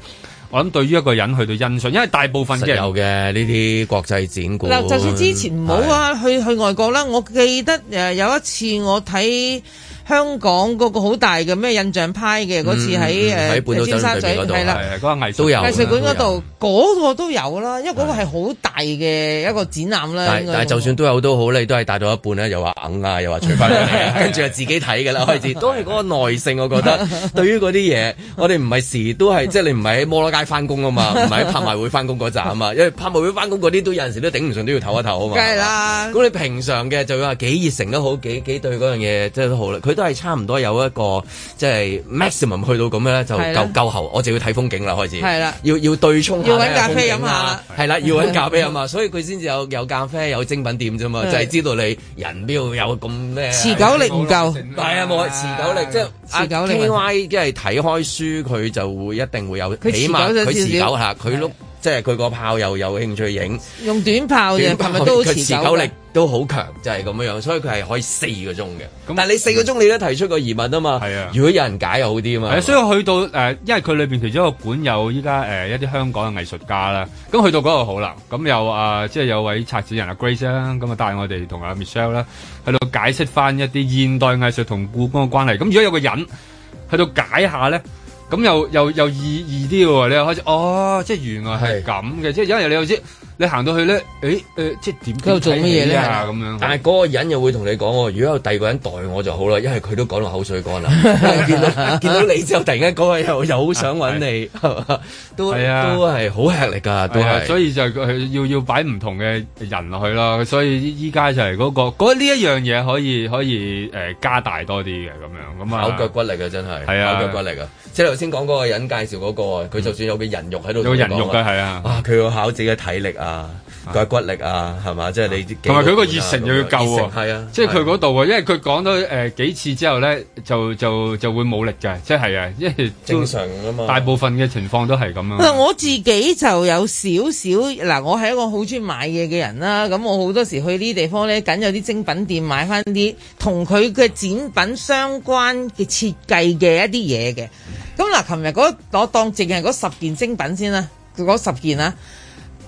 我諗對於一個人去到欣賞，因為大部分嘅有嘅呢啲國際展館。嗱，就算之前冇啊，去去外國啦。我記得誒有一次我睇。香港嗰個好大嘅咩印象派嘅嗰、嗯、次喺誒喺尖沙度，係、嗯、啦，嗰、啊那個、藝術有藝術館嗰度嗰個都有啦，因為嗰個係好大嘅一個展覽啦、那個那個。但係、那個、就算都有都好你都係帶到一半啦又話揞啊，又話除翻嚟， 跟住又自己睇㗎啦。 我開始都係嗰個耐性， 我覺得對於嗰啲嘢，我哋唔係時都係 即係你唔係喺摩羅街翻工啊嘛，唔係喺拍賣會翻工嗰陣啊嘛，因為拍賣會翻工嗰啲都有陣時都頂唔順都要唞一唞啊嘛。梗 係啦。咁你平常嘅就話幾熱誠都好，幾幾對嗰樣嘢即係都好啦。都係差唔多有一個即係、就是、maximum 去到咁樣咧，就夠夠喉，我就要睇風景啦，開始係啦，要要對沖，要揾咖啡飲下啦，係啦，要揾咖啡飲下，所以佢先至有有咖啡有精品店啫嘛，就係、是、知道你人邊度有咁咩持久力唔夠，係啊冇持久力，即係啊，、就是、啊持久力 ky 即係睇開書佢就會一定會有，起碼佢持久下佢碌。即係佢個炮，又有興趣影，用短炮嘅，炮係咪都持久，持久力都好強，就係咁樣樣，所以佢係可以四個鐘嘅、嗯。但係你四個鐘你都提出個疑問啊嘛，係啊。如果有人解又好啲啊嘛。所以我去到誒、呃，因為佢裏邊其中一個館有依家誒一啲香港嘅藝術家啦，咁去到嗰度好啦，咁又啊，即、呃、係、即係、有位策展人阿 Grace 啦，咁啊帶我哋同阿 Michelle 啦，喺度解釋翻一啲現代藝術同故宮嘅關係。咁如果有個人喺度解下咧。咁又又又易易啲喎，你又開始哦，即係原來係咁嘅，即係因為你又知。你行到去咧，咦、呃？即係點？喺度做咩嘢咧？咁但係嗰個人又會同你講喎，如果有第二個人代我就好啦，因為佢都講到口水乾啦。 見到 見到你之後，突然間嗰個又又好想揾你，都係啊，都係好吃力㗎、啊，都係、啊。所以就係要要擺唔同嘅人落去啦。所以依家就係嗰、那個，覺得呢一樣嘢可以可以、呃、加大多啲嘅咁樣咁啊。腳骨力真係。口啊，腳骨力、啊啊。即係頭先講嗰個人介紹嗰、那個，佢、嗯、就算有個人肉喺度，有人肉㗎係啊，佢、啊、要考自己體力啊。啊，佢骨力啊，係嘛？即係你同埋佢個熱誠又要夠啊，即係佢嗰度啊，因為佢講咗誒幾次之後咧，就就就就會冇力嘅，即係啊，因為正常啊嘛，大部分嘅情況都係咁樣啊。我自己就有少少嗱，我係一個好中意買嘢嘅人啦。咁我好多時去呢啲地方咧，梗有啲精品店買翻啲同佢嘅展品相關嘅設計嘅一啲嘢嘅。咁嗱，琴日我當淨係嗰十件精品先啦，嗰十件啦。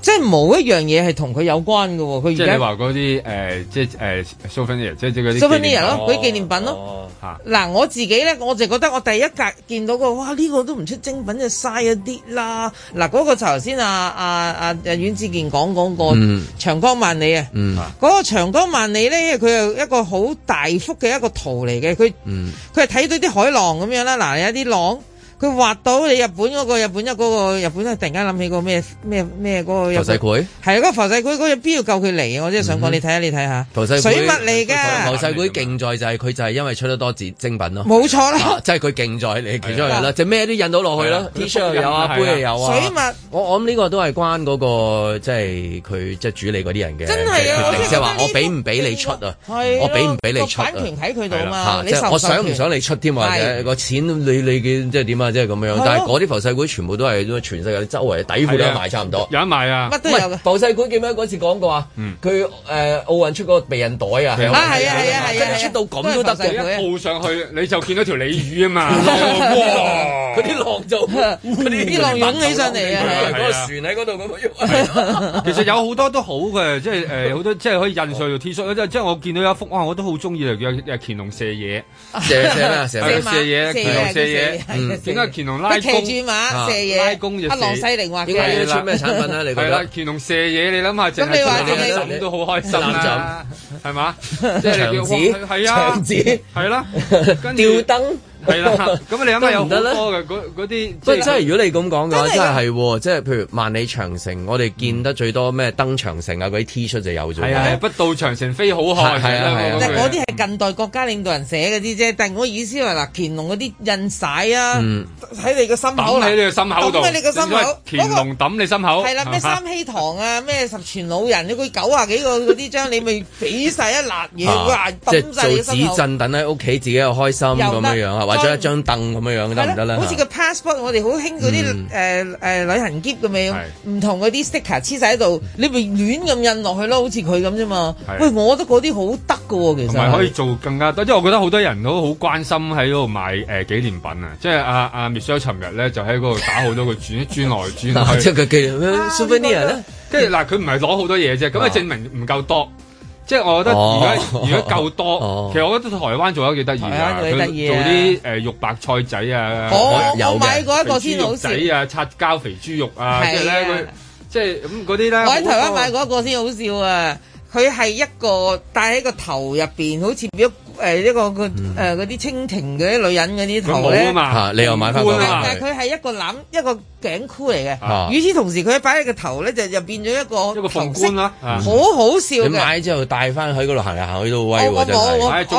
即係冇一樣嘢係同佢有關㗎喎，佢而家即係你話嗰啲誒，即係 Souvenir，、呃、即係、呃、即嗰啲 Souvenir 咯，啲、哦、紀念品咯嗱、哦啊、我自己咧，我就覺得我第一格見到個，哇！呢、這個都唔出精品就嘥一啲啦。嗱嗰、那個就頭先啊啊啊阮志健講講過、嗯、長江萬里啊，嗰、嗯那個長江萬里咧，佢係一個好大幅嘅一個圖嚟嘅，佢佢係睇到啲海浪咁樣啦，嗱有啲浪。佢畫到你日本嗰、那個那個那個、個,個日本一嗰日本咧，突然間諗起個咩咩咩嗰個浮世繪，係咯浮世繪嗰個必要救佢嚟嘅。我即係想講你睇下，你睇下浮世繪，水墨嚟嘅？浮世繪勁在就係、是、佢就係因為出得多精精品咯，冇錯啦。即係佢勁在你其中入啦，即咩都印到落去啦。T 恤有啊，杯又有啊，有啊水墨。我我諗呢個都係關嗰、那個即係佢即係主理嗰啲人嘅，真即係話我俾唔俾你出啊？我俾唔俾你出啊？個版權喺佢度啊嘛，我想唔想你出添、啊、或者個錢你你嘅即係點啊？即係咁樣，是啊、但係嗰啲浮世繪全部都係全世界周圍的底褲都係賣差唔多，有得賣啊，乜、啊、都有的。浮世繪叫咩？嗰次講過啊，佢誒奧運出嗰個避孕袋啊，啊係啊係啊係啊,啊，出到咁都得嘅、啊，你一鋪上去你就見到條鯉魚啊嘛，哇、嗯！嗰、哦、啲、嗯哦、浪就，嗰啲浪湧起上嚟啊，嗰個船喺嗰度咁樣。其實有好多都好嘅，即係誒好多即係可以印上條 T 恤。即係即係我見到有一幅啊，我都好中意啊叫誒乾隆射野，射射啦，射射野，乾隆射野，點解？阿乾隆拉弓、啊，拉弓又、啊，阿郎世寧畫嘅，要出咩產品啊？你係啦， 乾隆射嘢，你諗下，咁你話你諗都好開心啦，係嘛？即係你叫，係啊，牆紙，係、啊、啦 、啊，吊燈。係 啦，咁你諗下有得多嗰嗰啲，即係、就是、如果你咁講嘅話，真係係即係譬如萬里長城，我哋見得最多咩？登長城啊，嗰啲 T 恤就有咗。係啊，不到長城非好漢。係啊係啊，嗰啲係近代國家領導人寫嗰啲啫。但係我意思話、就、嗱、是，乾隆嗰啲印璽啊，喺、嗯、你個心口嗱，喺你個心口度。乾隆抌你心口？係啦，咩、那個啊、三希堂啊，咩十全老人，啊、你佢九啊幾個嗰啲章， 你咪俾晒一攔嘢，個眼抌曬你心口。就是、做紙鎮，等喺屋企自己又開心咁樣樣買咗一張凳，咁樣樣得唔得咧？好似個 passport，我哋好興嗰啲誒誒旅行貼咁樣，唔同嗰啲 sticker 黐晒喺度，你咪亂咁印落去咯，好似佢咁啫嘛。喂，我覺得嗰啲好得噶喎，其實同埋可以做更加多，即係我覺得好多人都好關心喺嗰度賣誒紀念品啊。即係阿阿 Michelle，尋日咧就喺嗰度打好多個轉轉 來轉即係佢紀 souvenir 咧。即係嗱，佢唔係攞好多嘢啫，咁 啊證明唔夠多。即係我覺得而家、哦、如果夠多、哦，其實我覺得台灣做咗幾得意啊！做啲誒肉白菜仔，仔，仔啊，的嗯、那些我有買過一個先好笑仔啊，擦膠肥豬肉啊，即係咧佢即係咁嗰啲咧。我喺台灣買過一個先好笑啊！佢係一個戴喺個頭入邊，好似誒、呃、一、這個個誒嗰啲清廷嗰啲女人嗰啲頭咧、嗯啊、你又買翻啦、啊？但係佢係一個攬一個頸箍嚟嘅。啊，與此同時佢擺喺個頭咧，就又變咗一個一個頭冠啦，好、啊嗯、好笑！你買之後帶翻去嗰度行嚟行去都威，仲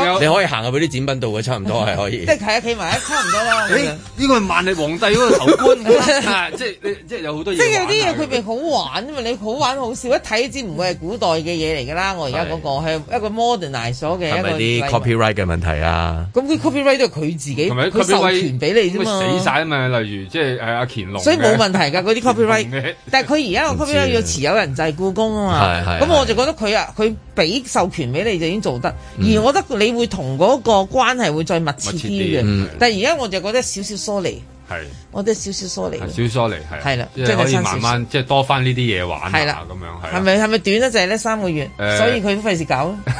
有、啊、你可以行去啲展品度嘅，差唔多係可以。即係睇下企埋一齊，差唔多啦。你呢個萬曆皇帝嗰個頭冠，即係你即係有好多嘢。即係有啲嘢佢咪好玩啊嘛！ 你好玩好笑，一睇就唔會係古代嘅嘢嚟㗎啦。我而家嗰個係一個 modern 嚟所嘅一個。係嘅問題啊，咁佢 copyright 都係佢自己，佢授權俾你啫嘛。死晒啊嘛，例如即係阿、啊、乾隆，所以冇問題噶嗰啲 copyright。啊、但係佢而家個 copyright 要持有人就係故宮啊嘛。咁我就覺得佢啊，佢俾授權俾你就已經做得。嗯、而我覺得你會同嗰個關係會再密切啲嘅、嗯。但係而家我就覺得少少疏離，係，我覺得少少疏離，少疏離係，係啦，即係、就是、可以慢慢即係多翻呢啲嘢玩，係啦咁樣係。係咪係咪短得就係呢三個月，欸、所以佢都費事搞咯。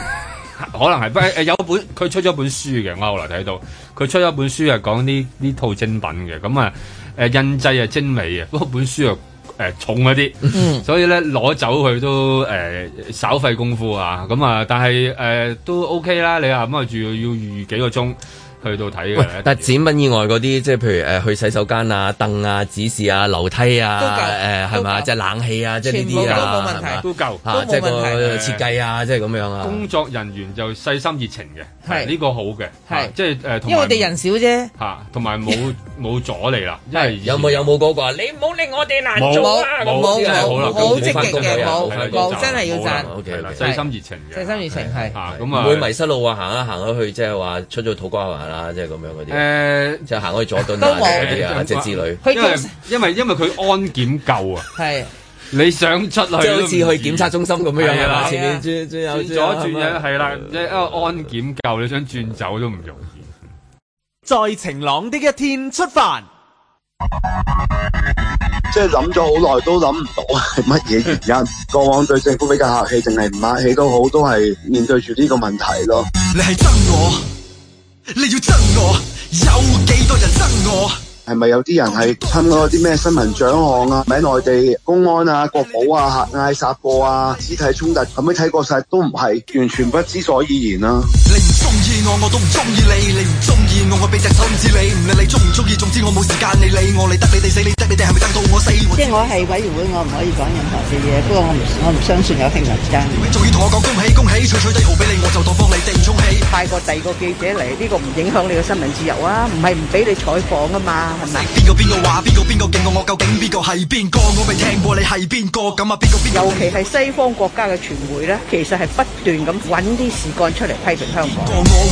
可能係，不過誒有本佢出咗本書嘅，我後來睇到佢出咗本書係講呢呢套精品嘅，咁啊誒印製啊精美啊，本書啊誒重一啲、嗯，所以咧攞走佢都誒、嗯、少費功夫啊，咁、嗯、啊但係誒、嗯、都 OK 啦，你啊咁啊要要預，預，預幾個鐘。去到睇嘅，但展品以外嗰啲，即係譬如誒、呃、去洗手間啊、凳啊、指示啊、樓梯啊、誒係嘛，即係冷氣啊，即係呢啲啊，係嘛，都、啊、夠，即係個設計啊，即係咁樣啊。工作人員就細心熱情嘅，呢、呢個好嘅、啊，即係誒、呃。因為我哋人少啫，嚇、啊，同埋冇冇阻你啦，係 有冇有冇嗰個、啊？你唔好令我哋難做啊！我冇、啊、真係好好積極嘅，冇真係要讚，細心熱情嘅，細心熱情係，啊，會迷失路啊！行啊行咗去，即係話出咗土瓜灣。啊，即係咁樣嗰啲，誒，即係行去咗佐敦啊，之類。因為因為因為佢安檢夠啊，係你想出去，就好似去檢測中心咁樣啊，前面轉轉左轉右係啦，一個安檢夠，你想轉走都唔容易。在晴朗的一天出發，即係諗咗好耐都諗唔到係乜嘢原因。過往對政府比較客氣，定係唔客氣都好，都係面對住呢個問題咯。你係憎我。你要憎我，有幾多人憎我？係咪有啲人係趁咗啲咩新聞獎項啊？喺內地公安啊、國保啊吓嗌殺過啊？肢體衝突有冇睇過晒？都唔係，完全不知所以然啦、啊。你唔中意我我都唔中意你，你唔中意我，我俾隻手指你，唔理你中唔中意，總之我冇時間理你。我理得你哋死，理得你哋係咪等到我死？即係我係委員會，我唔可以講任何嘅嘢。不過我唔我唔相信有平衡間。你仲要同我講恭喜恭喜，取取低號俾你，我就當幫你哋充氣。派個第二個記者嚟，呢個唔影響你嘅新聞自由啊，唔係唔俾你採訪啊嘛，係咪？邊個邊個話？邊個邊個勁過我？究竟邊個係邊個？我未聽過你係邊個？咁啊？邊個？尤其係西方國家嘅傳媒咧，其實係不斷咁揾啲事幹出嚟批評香港。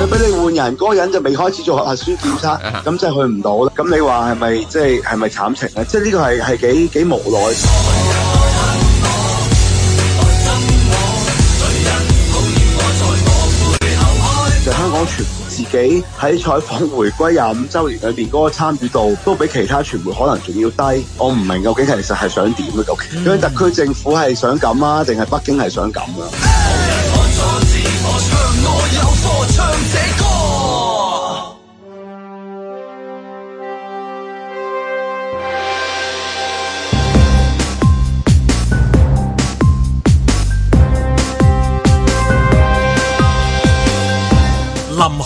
佢俾你換人，嗰個人就未開始做核酸檢測，咁就去唔到啦。咁你話係咪即係係咪慘情？即係呢個係係幾幾無奈。 就是、香港傳媒自己喺採訪回歸廿五週年裏面嗰個參與度都比其他傳媒可能仲要低。我唔明究竟其實係想點嘅究竟？嗯、特區政府係想咁啊，定係北京係想咁啊？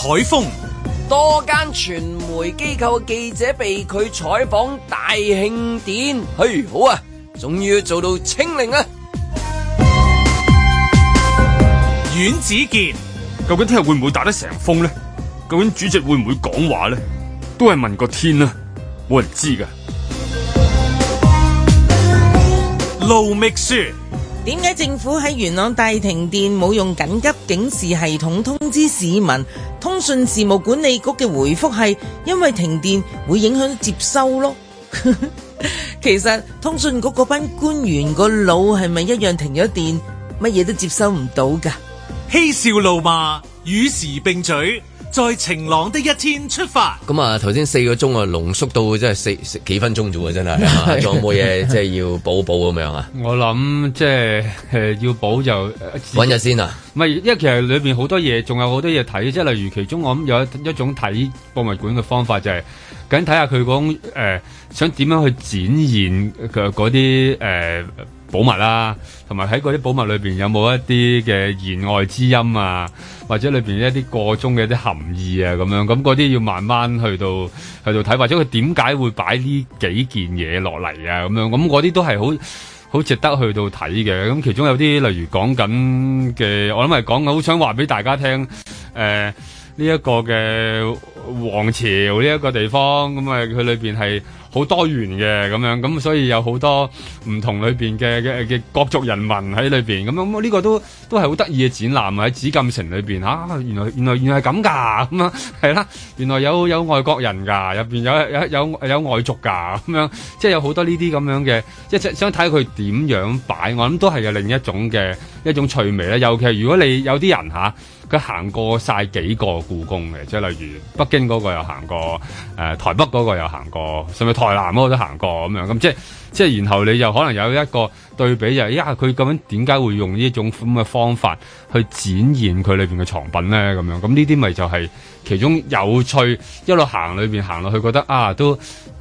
海風，多間傳媒機構嘅記者被佢採訪大慶典。嘿，好啊，仲要做到清零啊。阮子健，究竟聽日會唔會打得成風咧？究竟主席會唔會講話咧？都係問個天啦，冇人知噶。盧覓雪。點解政府喺元朗大停電冇用緊急警示系統通知市民？通訊事務管理局嘅回覆係因為停電會影響接收咯。 其實通訊局嗰班官員個腦係咪一樣停咗電，乜嘢都接收唔到噶？嬉笑怒罵與時並舉。在晴朗的一天出發。咁啊，頭先四個鐘啊，濃縮到真係四幾分鐘啫喎，真係仲 有冇嘢即係要補補咁樣啊？我諗即係要補就搵日先啊。唔係，因為其實裏面好多嘢，仲有好多嘢睇，即係例如其中我諗有一一種睇博物館嘅方法，就係，就係緊睇下佢講誒想點樣去展現佢嗰啲誒。呃寶物啦，啊，同埋喺嗰啲寶物裏邊有冇一啲嘅言外之音啊，或者裏邊一啲過中嘅啲含義啊，咁樣咁嗰啲要慢慢去到去到睇，或者佢點解會擺呢幾件嘢落嚟啊，咁樣咁嗰啲都係好好值得去到睇嘅。咁其中有啲例如講緊嘅，我諗係講好想話俾大家聽，誒呢一個嘅王朝呢一個地方，咁啊佢裏邊係。好多元嘅咁樣咁，所以有好多唔同裏邊嘅嘅嘅各族人民喺裏邊咁樣，呢個都都係好得意嘅展覽喺紫禁城裏邊吓，啊，原來原來原來係咁噶咁啊，係啦，原來有有外國人噶，入邊有有有有外族噶咁樣，即係有好多呢啲咁樣嘅，即係想睇佢點樣擺，我諗都係有另一種嘅一種趣味啦。尤其係如果你有啲人吓。啊佢行過晒幾個故宮嘅，即係例如北京嗰個又行過，誒、呃、台北嗰個又行過，甚至台南嗰個都行過咁樣。咁即係即係，然後你就可能有一個對比，就是哎、呀佢咁樣點解會用呢一種咁嘅方法去展現佢裏面嘅藏品咧？咁樣咁呢啲咪就係其中有趣一路行裏面行落去，覺得啊都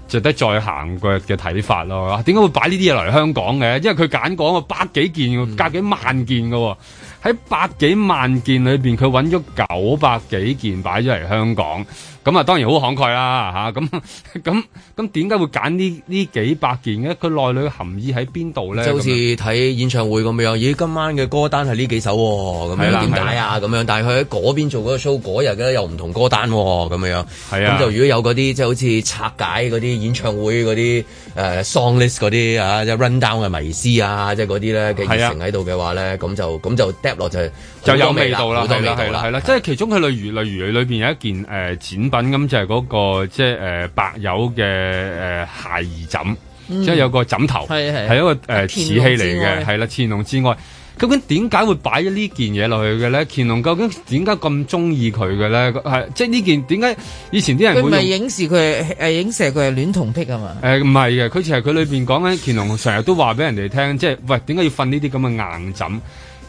值得再行過嘅睇法咯。點、啊、解會擺呢啲嘢嚟香港嘅？因為佢揀講個百幾件，隔幾萬件喎。喺百幾萬件裏邊，佢揾咗九百幾件擺咗嚟香港。咁啊，當然好慷慨啦嚇！咁咁咁點解會揀呢呢幾百件呢？佢內裏嘅含義喺邊度呢？就好似睇演唱會咁樣，咦？今晚嘅歌單係呢幾首喎、哦，咁樣點解啊？咁樣，但係佢喺嗰邊做嗰個 show 嗰日呢，又唔同歌單喎、哦，咁、就是、樣。係咁就如果有嗰啲即係好似拆解嗰啲演唱會嗰啲誒、呃、song list 嗰啲啊，即、就、係、是、run down 嘅迷思啊，即係嗰啲呢，嘅熱誠喺度嘅話呢，咁就咁就 drop 落就。就有味道啦，係啦，係啦，啦，即係其中佢例如，例如裏邊有一件誒、呃、展品咁、嗯，就係、是、嗰、那個即係誒白釉嘅誒孩兒枕，嗯、即係有個枕頭，係一個誒瓷器嚟嘅，係啦，乾、呃、隆之外，之外嗯、究竟點解會擺咗呢件嘢落去嘅咧？乾隆究竟點解咁中意佢嘅咧？即係呢件點解以前啲人會唔係影視佢係影射佢係戀童癖啊嘛？誒唔係嘅，佢其實佢裏邊講緊，乾隆成日都話俾人哋聽，即係喂點解要瞓呢啲咁嘅硬枕？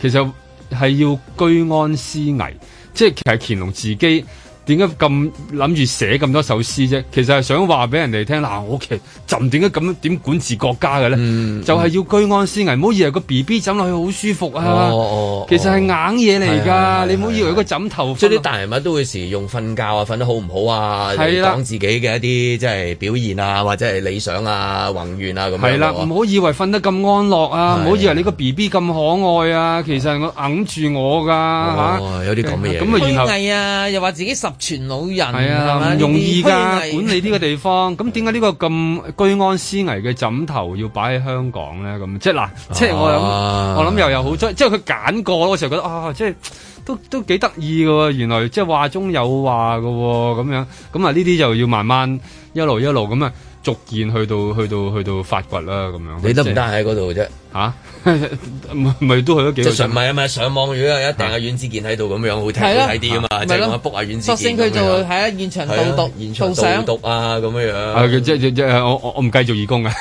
其實。係要居安思危，即係其實乾隆自己。點解咁諗住寫咁多首詩啫？其實係想話俾人哋聽，嗱、啊，我其實朕點解咁點管治國家嘅咧、嗯？就係、是、要居安思危，唔、嗯、好以為個 B B 枕落去好舒服啊！哦哦、其實係硬嘢嚟噶，你唔好以為個枕頭。即係啲大人物都會時用瞓覺啊，瞓得好唔好啊？講、嗯、自己嘅一啲即係表現啊，或者係理想啊、宏願啊咁。係、嗯、啦，唔、嗯、好、嗯嗯、以為瞓得咁安樂啊，唔、嗯、好以為你個 B B 咁可愛啊，其實我揞住我噶有啲咁嘅嘢。咁、啊、虛偽啊，又話自己全老人係啊，唔容易㗎，管理呢個地方。咁點解呢個咁居安思危嘅枕頭要擺喺香港咧？咁即係嗱，即係，啊，我諗，啊，我諗又又好即係佢揀過。我成日覺得啊，即係都都幾得意㗎喎。原來即係話中有話㗎喎。咁樣咁啊，呢啲就要慢慢一路一路咁啊。逐漸去到去到去到發掘啦咁樣，你得唔得喺嗰度啫吓？咪、啊、 都去咗幾度？即係上唔啊，唔上網如果一定阿阮志健喺度咁樣好睇、啊，睇啲啊嘛，即係 book 下阮志健。首先佢做係啊現場朗讀，現場朗讀啊咁樣。啊，即係即我我唔計做義工啊，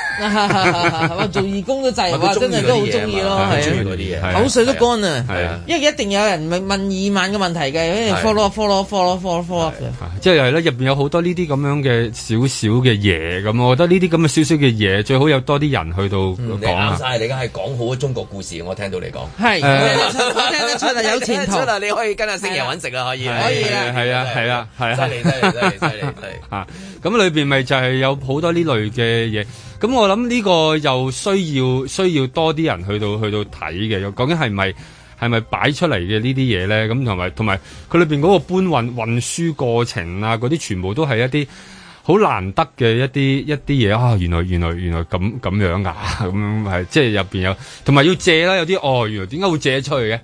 做義工都滯，真係都好中意咯，係啊，口水都乾啊，因為一定有人問耳環嘅問題嘅，fall off fall off fall off fall off 嘅，即係又係咧入邊，有好多呢啲咁樣嘅少少嘅嘢咁。啊啊啊啊啊嗯、我覺得呢啲咁嘅少少嘅嘢，最好有多啲人去到講。你啱晒，你梗係講好嘅中國故事。我聽到你講係，哎、 聽得出啦，有前途啦，你可以跟阿星爺搵食啦，可以、啊。可以啊，係啊，係啊，係、啊。犀利、啊，係係犀利。咁裏、啊啊啊啊啊啊啊、面咪就係有好多呢類嘅嘢。咁 我諗呢個又需要需要多啲人去到去到睇嘅。又究竟係咪係咪擺出嚟嘅呢啲嘢咧？咁同埋同埋佢裏面嗰個搬運運輸過程啊，嗰啲全部都係一啲。好難得嘅一啲一啲嘢啊！原來原來原來咁咁樣㗎，咁係即係入面有，同埋要借啦。有啲哦，原來點解會借出去嘅？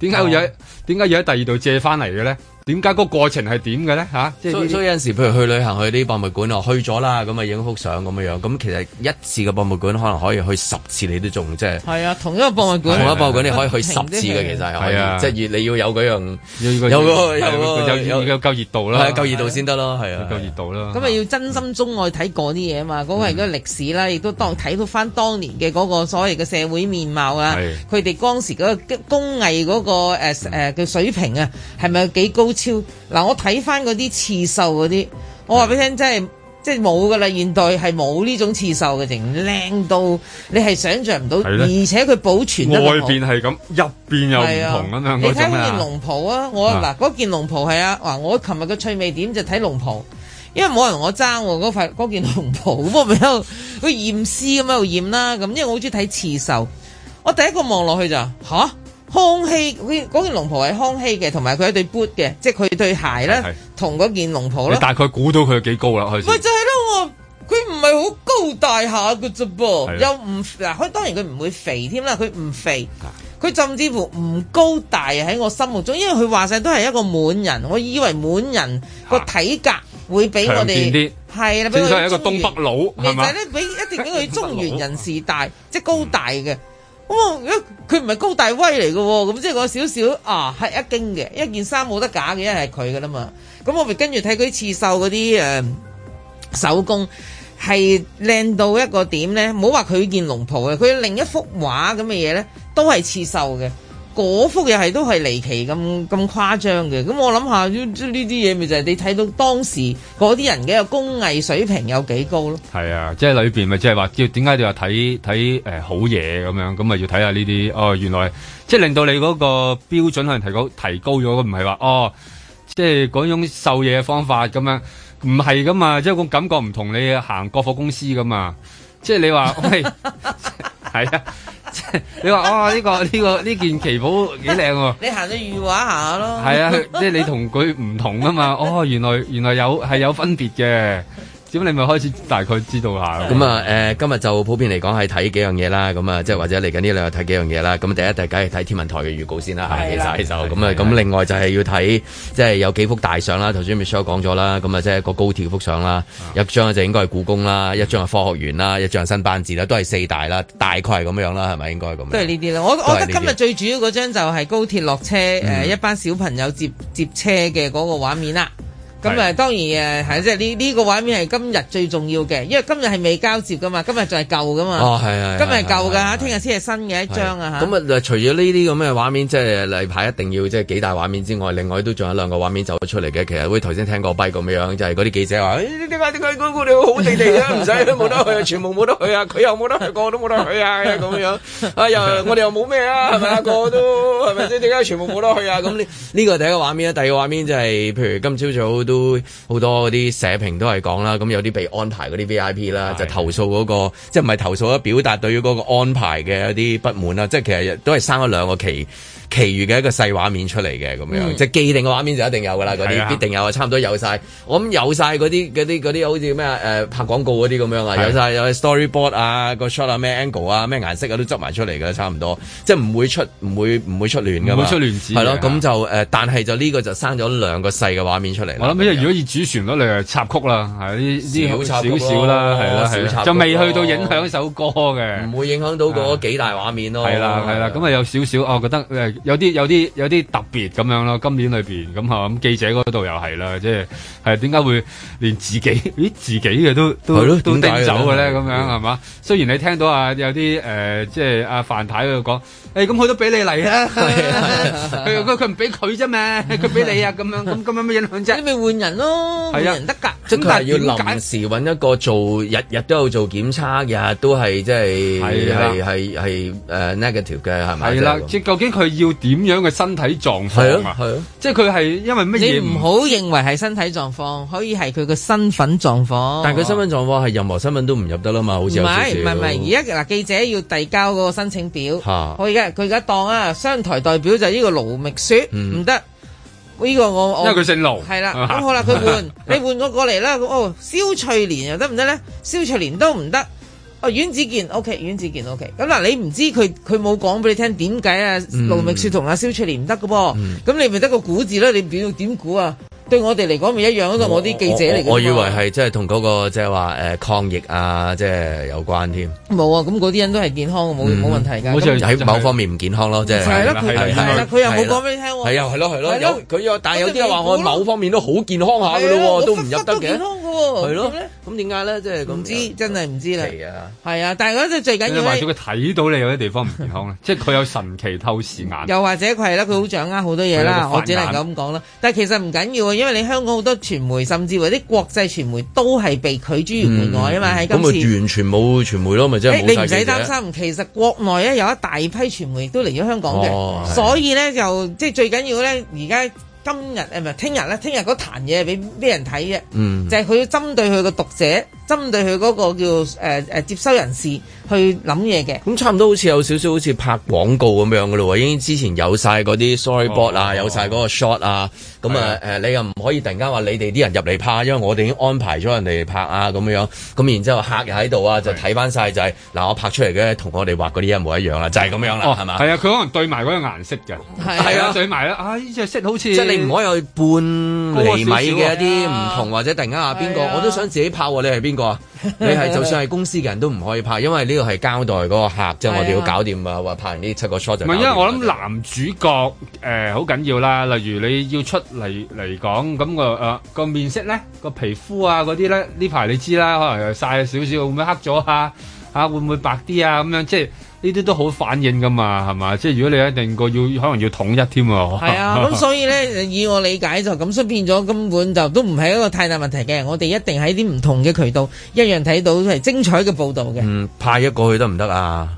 點解、哦、要喺點解要喺第二度借翻嚟嘅咧？點解個過程係點嘅咧吓？即、啊、係所以，所以有陣時，譬如去旅行，去啲博物館啊，去咗啦，咁啊影幅相咁嘅樣。咁其實一次嘅博物館可能可以去十次，你都仲即係。係啊，同一個博物館，啊，同一個博物館你可以去十次嘅，其實係啊。即係你要有嗰樣，個有個有個有個有夠熱度啦，夠熱度先得咯，係啊，夠熱、啊啊啊啊、度啦。咁啊，要真心鍾愛睇嗰啲嘢，啊嘛。嗰、啊那個係嗰個歷史啦，亦、啊、都當睇到翻當年嘅嗰個所謂嘅社會面貌啊。佢哋、啊啊、當時嗰個工藝嗰、那個誒誒嘅水平啊，係咪幾高？超嗱，我睇翻嗰啲刺繡嗰啲，我話俾你聽，真、嗯、係即係冇噶啦，現代係冇呢種刺繡嘅，正靚到你係想象唔到，而且佢保存得。外邊係咁，入邊又唔同，你睇嗰件龍袍啊，我嗱嗰件龍袍係啊，我琴日個趣味點就睇龍袍，因為冇人同我爭嗰塊嗰件龍袍，咁我咪又去驗屍咁喺度驗啦，咁、啊、因為我好中意睇刺繡，我第一個望落去就吓。康熙嗰件龍袍係康熙嘅，同埋佢對 boot 嘅，即係佢對鞋咧，同嗰件龍袍咧。大概估到佢有幾高啦？開始咪就係、是、咯，佢唔係好高大下嘅啫噃，又唔嗱。當然佢唔會肥添啦，佢唔肥，佢甚至乎唔高大喺我心目中，因為佢話晒都係一個滿人，我以為滿人個體格會比我哋係啦，俾佢中原，佢就係一個東北佬，其實咧俾一定俾佢中原人士大，啊、即係高大嘅。嗯咁我佢唔係高大威嚟嘅喎，咁即係嗰少少啊，係一經嘅一件衫冇得假嘅，因為係佢㗎啦嘛。咁我咪跟住睇佢刺繡嗰啲誒手工係靚到一個點咧，冇話佢件龍袍嘅，佢另一幅畫咁嘅嘢咧都係刺繡嘅。嗰幅嘢係都係離奇咁咁誇張嘅，咁我諗下呢啲嘢咪就係你睇到當時嗰啲人嘅工藝水平有幾高咯？係啊，即係裏邊咪即係話要點解你話睇睇誒好嘢咁樣，咁咪要睇下呢啲哦，原來即係令到你嗰個標準可能提高提高咗，唔係話哦，即係嗰種售嘢嘅方法咁樣唔係噶嘛，即係個感覺唔同你行國貨公司噶嘛，即係你話喂係 是啊。 你話、哦呢個呢個、 啊，呢個呢個呢件旗袍幾靚喎？你行咗御畫下咯，係啊，即係你同佢唔同噶嘛？哦，原來原來有係有分別嘅。咁你咪開始大概知道下囉。咁啊、呃，今日就普遍嚟講係睇幾樣嘢啦。咁、嗯、啊，即係或者嚟緊呢兩日睇幾樣嘢啦。咁第一，第一梗係睇天文台嘅預告先啦。係晒係就咁啊。咁另外就係要睇，即、就、係、是、有幾幅大相啦。頭先咪 Michelle 講咗啦。咁啊，即係一個高鐵幅相啦、嗯，一張就應該係故宮啦，一張係科學園啦，一張新班子啦，都係四大啦，大概係咁樣啦，係咪應該咁樣？即係呢啲我我覺得今日最主要嗰張就係高鐵落車，誒、嗯 uh，一班小朋友接接車嘅嗰個畫面啦。咁啊，當然誒，係即係呢呢個畫面係今日最重要嘅，因為今日係未交接噶嘛，今日就係舊噶嘛。哦，係係。今日係舊嘅嚇，聽日先係新嘅一張啊。咁啊，除咗呢啲咁嘅畫面，即係例牌一定要即係、就是、幾大畫面之外，另外都仲有兩個畫面走咗出嚟嘅。其實會頭先聽過跛咁樣，就係嗰啲記者話：點解點解你哋好地地啊？唔使冇得去，全部冇得去啊！佢又冇得去，個都冇得去啊！咁樣啊，哎呃、我又我哋又冇咩啊？係咪啊？個都係咪先？點解全部冇得去啊？咁呢？呢 個第一個畫面啦，第二個畫面就係、是、譬如今朝早都。都好多嗰啲社評都係講啦，咁有啲被安排嗰啲 VIP 啦，就投訴嗰個，即係唔係投訴咗，表達對於嗰個安排嘅一啲不滿啦，即係其實都係生咗兩個期。其餘嘅一個細畫面出嚟嘅咁樣、嗯，即係既定嘅畫面就一定有㗎啦，嗰啲必定有啊，差唔多有晒。我諗有晒嗰啲嗰啲啲好似咩誒拍廣告嗰啲咁樣啊，啊，有晒，有啲 storyboard 啊個 shot 啊咩 angle 啊咩顏色啊都執埋出嚟㗎，差唔多。即係唔會出唔會唔會出亂㗎嘛。出亂子、啊啊。係咯，咁就誒，但係就呢個就生咗兩個細嘅畫面出嚟。我諗，因為如果以主旋律係插曲啦，係啲好少少啦，係、啊哦啊啊、就未去到影響首歌嘅。唔、啊、會影響到嗰幾大畫面咯、啊。係啦係啦，咁啊，啊，啊，啊、嗯、啊有少少，我覺得有啲有啲有啲特別咁樣咯，今年裏邊咁嚇咁記者嗰度又係啦，即係係點解會連自己咦自己嘅都都都掟走嘅咧？咁樣係嘛？雖然你聽到啊有啲誒即係阿范太喺度講，誒咁佢都俾你嚟啦，佢佢佢唔俾佢啫嘛，佢俾你啊咁樣咁咁有咩影響啫？你咪換人咯，換人得㗎，咁但係要臨時揾一個做日日都有做檢測，日日都係即係係係係誒 negative 嘅係咪？係啦，即係究竟佢要。要點樣嘅身體狀況係即係佢係因為乜嘢？你唔好認為係身體狀況，可以係佢嘅身份狀況。但係佢身份狀況係任何身份都唔入得啦嘛？好似有唔係唔係唔係，而家嗱記者要遞交嗰個申請表，可以嘅。佢而家當啊，商台代表就呢個盧覓雪，唔、嗯、得。呢、這個我，我，因為佢姓盧，係啦。咁好啦，佢換， 你換我過嚟啦。哦，蕭翠蓮又得唔得咧？蕭翠蓮都唔得。哦、啊，阮子健，OK，阮子健 OK。咁、啊、嗱，你唔知佢佢冇講俾你聽點解啊？盧覓雪同阿蕭翠蓮唔得嘅噃，咁、嗯、你咪得個估字咯？你表到點估啊？對我哋嚟講，咪一樣咯。我啲記者嚟嘅。我以為係即係同嗰個即係話誒抗疫啊，即係有關添。冇啊，咁嗰啲人都係健、嗯、健康，冇冇問題㗎。好似喺某方面唔健康咯，即、嗯、係。係咯、就是，佢又冇講俾你聽喎。係啊，係咯，係咯。佢但係有啲話我某方面都好健康下㗎咯喎，都唔入得嘅。係、哦、咯，咁點解咧？即係唔知，真係唔知啦。係啊，係啊，但係嗰隻最緊要，即話佢睇到你有啲地方唔健康咧， 即係佢有神奇透視眼。又或者佢係啦，佢好掌握好多嘢啦，嗯。我只能咁講啦。但係其實唔緊要啊，因為你香港好多傳媒，甚至乎啲國際傳媒都係被佢拒諸門外啊嘛。係、嗯、咁，嗯、今次完全冇傳媒咯，咪真係。你唔使擔心。其實國內咧有一大批傳媒亦都嚟咗香港嘅，哦，所以咧就即係最緊要咧而家。今日誒，唔係聽日咧？聽日嗰壇嘢俾俾人睇嘅。嗯，就係、是、佢要針對佢個讀者，針對佢嗰個叫誒誒、呃、接收人士。去諗嘢嘅，咁差唔多好似有少少好似拍廣告咁樣噶咯喎，已經之前有晒嗰啲 storyboard 啊，哦、有晒嗰個 shot 啊，咁、哦、啊誒、啊，你又唔可以突然間話你哋啲人入嚟拍，因為我哋已經安排咗人嚟拍啊，咁樣，咁然之後客人喺度啊，就睇翻晒就係嗱，我拍出嚟嘅同我哋畫嗰啲一模一樣啦，就係、是、咁樣啦，係、哦、嘛？係啊，佢可能對埋嗰個顏色嘅，係啊，啊，對埋啊，啊呢隻色好似即係你唔可以有半厘米嘅一啲唔同小小、啊，或者突然間啊，邊個我都想自己拍喎，你係邊個啊？ 你係就算係公司嘅人都唔可以拍，因為呢個係交代嗰個客，即係、啊、我哋要搞掂啊！話拍完呢七個 shot 就唔係因為我諗男主角誒好緊要啦。例如你要出嚟嚟講，咁、嗰個誒個、呃、面色咧，個皮膚啊嗰啲咧，呢排你知啦，可能又晒少少會唔會黑咗啊？嚇、啊、會唔會白啲啊？咁樣即係。呢啲都好反映噶嘛，係嘛？即係如果你一定要，要，可能要統一添喎。係啊，咁 所以咧，以我理解就咁，所以變咗根本就都唔係一個太大問題嘅。我哋一定喺啲唔同嘅渠道一樣睇到係精彩嘅報導嘅、嗯。派一個去得唔得啊？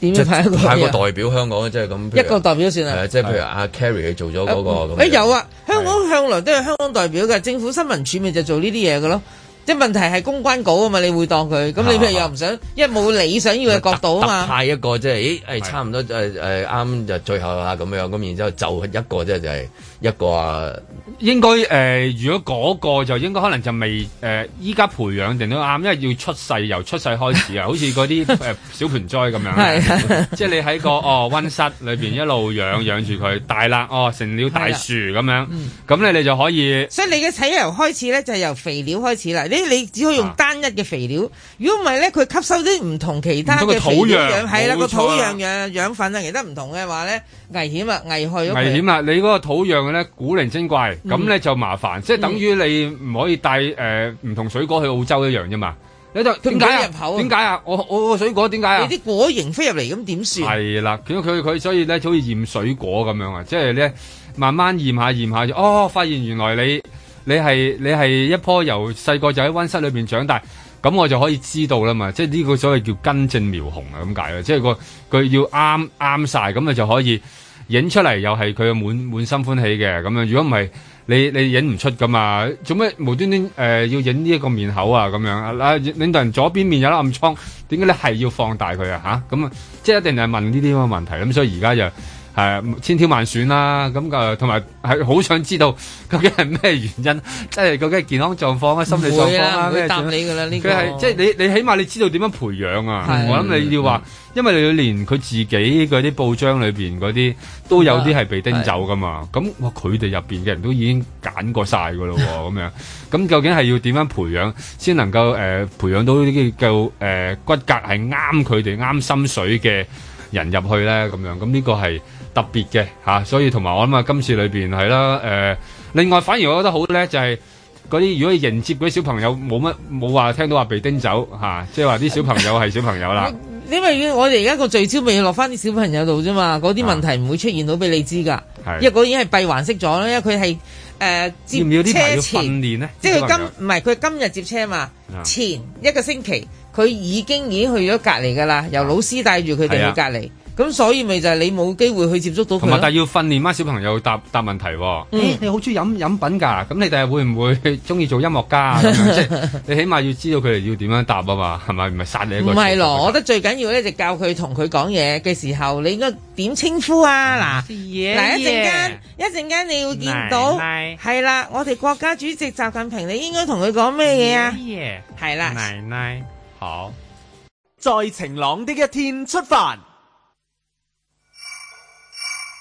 點樣派一個？派一個代表香港即係咁，一個代表算啦。即係譬如阿 Carrie、啊啊、做咗嗰、那個咁、啊。有啊，香港向來都係香港代表嘅政府新聞處咪就做呢啲嘢㗎咯。即係問題係公關稿啊嘛，你會當佢咁，你譬如又又唔想， 因為冇你想要嘅角度啊嘛， 派一個即係，誒、哎，差唔多誒誒啱就最後啦咁樣，咁然之後就一個即係就係。一個啊，應該誒、呃，如果嗰個就應該可能就未誒，依、呃、家培養定都啱，因為要出世由出世開始啊， 好似嗰啲誒小盆栽咁樣， 即係你喺個哦温室裏邊一路養養住佢，大啦哦，成了大樹咁樣，咁、嗯、咧你就可以。所以你嘅睇由開始咧就係、是、由肥料開始啦，你你只可以用單一嘅肥料，如果唔係咧佢吸收啲唔同其他嘅土壤係啦，個、啊啊、土壤養養分啊，其他唔同嘅話咧危險啊，危害咗。危險啊！你嗰個土壤。古靈精怪，咁咧就麻煩、嗯，即係等於你唔可以帶誒唔同水果去澳洲一樣啫嘛。你就點解入口？點解啊？我我水果點解啊？啲果蠅飛入嚟咁點算？係啦，佢佢所以咧就好似驗水果咁樣啊，即係咧慢慢驗下驗下，哦發現原來你你係你係一棵由細個就喺温室裏邊長大，咁我就可以知道啦嘛。即係呢個所謂叫根正苗紅啊，咁解啦。即係個佢要啱啱晒，咁啊就可以。影出嚟又係佢滿滿心歡喜嘅咁樣，如果唔係你你影唔出噶嘛，做咩無端端誒要影呢一個面口啊咁樣啊？領導人左邊面有粒暗瘡，點解你係要放大佢啊？吓咁啊，咁樣即係一定係問呢啲咁嘅問題咁，啊，所以而家就。係啊，千挑萬選啦，咁啊，同埋係好想知道究竟係咩原因，即係究竟係健康狀況啊，心理狀況啦。會啊、會答你噶啦呢個。佢係即係你，你起碼你知道點樣培養啊？我諗你要話，因為你要連佢自己嗰啲報章裏邊嗰啲都有啲係被叮走噶嘛。咁哇，佢哋入邊嘅人都已經揀過晒噶咯，咁 樣。咁究竟係要點樣培養，先能夠誒、呃、培養到呢啲夠誒骨格係啱佢哋啱心水嘅人入去咧？咁樣咁呢個係。特別嘅嚇、啊，所以同埋我諗啊，今次裏面係啦，誒、呃，另外反而我覺得好叻呢，就係嗰啲如果迎接嗰啲小朋友冇乜冇話聽到話被叮走嚇，即係話啲小朋友係小朋友啦。 因為我哋而家個聚焦未落翻啲小朋友度啫嘛，嗰啲問題唔會出現到俾你知噶、啊。因為嗰啲係閉環式咗啦，因為佢係誒接車前要要要訓練呢，即係今唔係佢今日接車嘛，啊、前一個星期佢已經已經去咗隔離噶啦，由老師帶住佢哋去隔離。啊咁所以咪就係你冇機會去接觸到佢。同埋，但係要訓練埋小朋友答答問題，啊嗯。你好中意飲飲品噶，咁你第日會唔會中意做音樂家？ 你起碼要知道佢哋要點樣答啊嘛，係咪？唔係殺你一個字。唔係咯，我覺得最緊要咧就教佢同佢講嘢嘅時候，你應該點稱呼啊？嗱嗱一陣間，一陣間你要見到係啦。我哋國家主席習近平，你應該同佢講咩嘢啊？爺爺係啦，奶奶好。在晴朗的一,一天出發。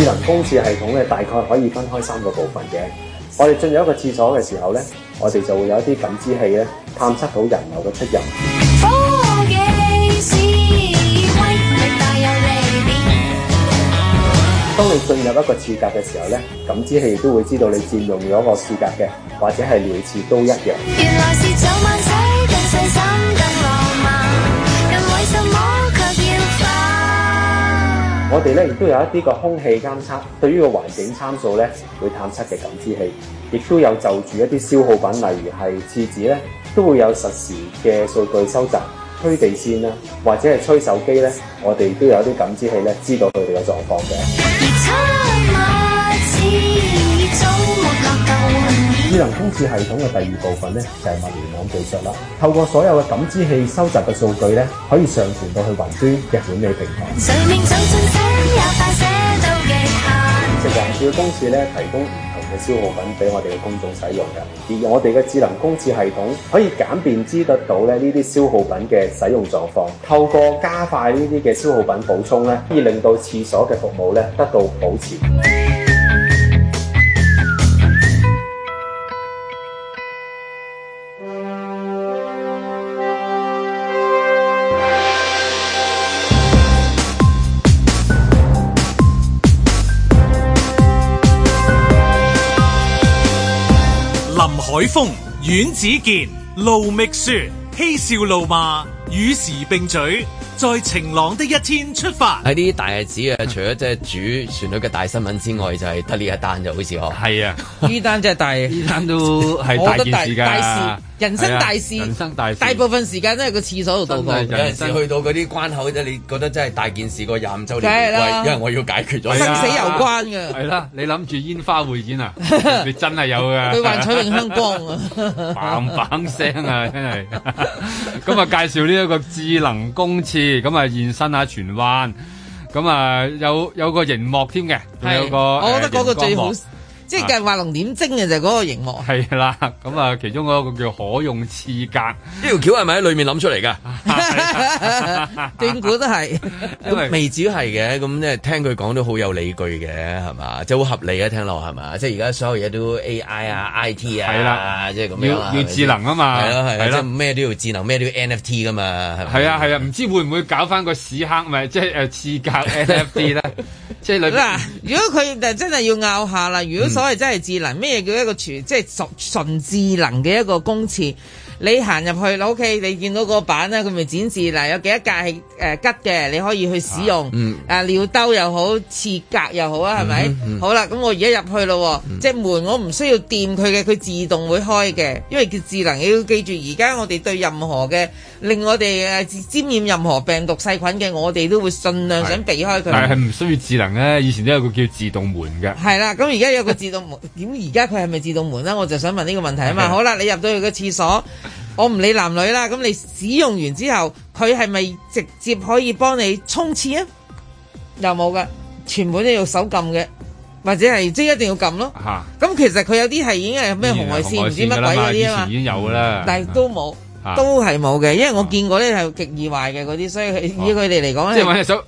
智能公廁系統咧，大概可以分開三個部分嘅。我哋進入一個廁所嘅時候咧，我哋就會有一啲感知器咧，探測到人流嘅出入。當你進入一個廁格嘅時候咧，感知器亦都會知道你佔用咗個廁格嘅，或者係尿廁都一樣。我哋咧亦都有一啲個空氣監測，對於個環境參數咧會探測嘅感知器，亦都有就住一啲消耗品，例如係廁紙咧，都會有實時嘅數據收集，吹地線啊，或者係吹手機咧，我哋都有一啲感知器咧，知道佢哋嘅狀況嘅。智能公廁系統嘅第二部分咧就係物聯網技術啦。透過所有嘅感知器收集嘅數據咧，可以上傳到去雲端嘅管理平台。即係環球公廁咧，提供唔同嘅消耗品俾我哋嘅公眾使用嘅。而我哋嘅智能公廁系統可以簡便知得到咧呢啲消耗品嘅使用狀況。透過加快呢啲嘅消耗品補充咧，以令到廁所嘅服務咧得到保持。海峰、阮子健、盧覓雪嬉笑怒罵與時並進，在晴朗的一天出發。喺啲大日子啊，除咗即係主旋律嘅大新聞之外， 就係得呢一單就好似哦。係啊，呢 單即係大，呢 單都係 大件事噶。人生，啊、人生大事，大部分時間都喺個廁所度度過。有陣時去到嗰啲關口啫，你覺得真係大件事過廿五周年，因為、啊、我要解決咗、啊、生死攸關嘅。係啦、啊，你諗住煙花匯演啊？你啊 是是真係有嘅。佢 話幻彩詠香江啊棒棒聲啊，真係。咁啊，介紹呢一個智能公廁，咁啊現身下、啊、荃灣，咁啊有有個熒幕添嘅，有、個、有個。我覺得嗰個、嗰個最好。即係話龍點睛嘅就嗰、是、個熒幕係啦，咁啊其中嗰一個叫可用廁格，呢條橋係咪喺裏面諗出嚟噶？斷 估 都係都未至於係嘅，咁即係聽佢講都好有理據嘅，係嘛，即係好合理現在啊，聽、嗯、落，係嘛、啊，即係而家所有嘢都 A I 啊 I T 啊，即係咁樣要要智能啊嘛，係咯係咯，即係咩都要智能，咩都要 N F T 噶嘛，係啊係啊，唔、啊、知會唔會搞翻個屎坑咪即係誒廁格 N F T 咧？即係嗱， 如果佢真係要拗下啦，如果。所以真係智能，咩嘢叫一個全即係純智能嘅一個公廁？你行入去啦，OK，你見到個板咧，佢咪展示嗱有幾多格係吉嘅，你可以去使用。啊，嗯、啊尿兜又好，廁格又好啊，係咪、嗯嗯？好啦，咁我而家入去咯，即、嗯、係門我唔需要掂佢嘅，佢自動會開嘅，因為叫智能。你要記住，而家我哋對任何嘅。令我哋誒沾染任何病毒細菌嘅，我哋都會盡量想避開佢。但係唔需要智能呢、啊，以前都有個叫自動門嘅。係啦，咁而家有個自動門，點，而家佢係咪自動門咧？我就想問呢個問題啊嘛。好啦，你入到去個廁所，我唔理男女啦。咁 你使用完之後，佢係咪直接可以幫你沖廁啊？又冇㗎，全部都要手撳嘅，或者係即一定要撳咯。咁、啊、其實佢有啲係已經係咩紅外線，唔知乜鬼嗰啲啊嘛，已經有㗎啦。但係都冇。啊都係冇嘅，因為我見過咧係極易壞嘅嗰啲，所以以佢哋嚟講咧，即係話想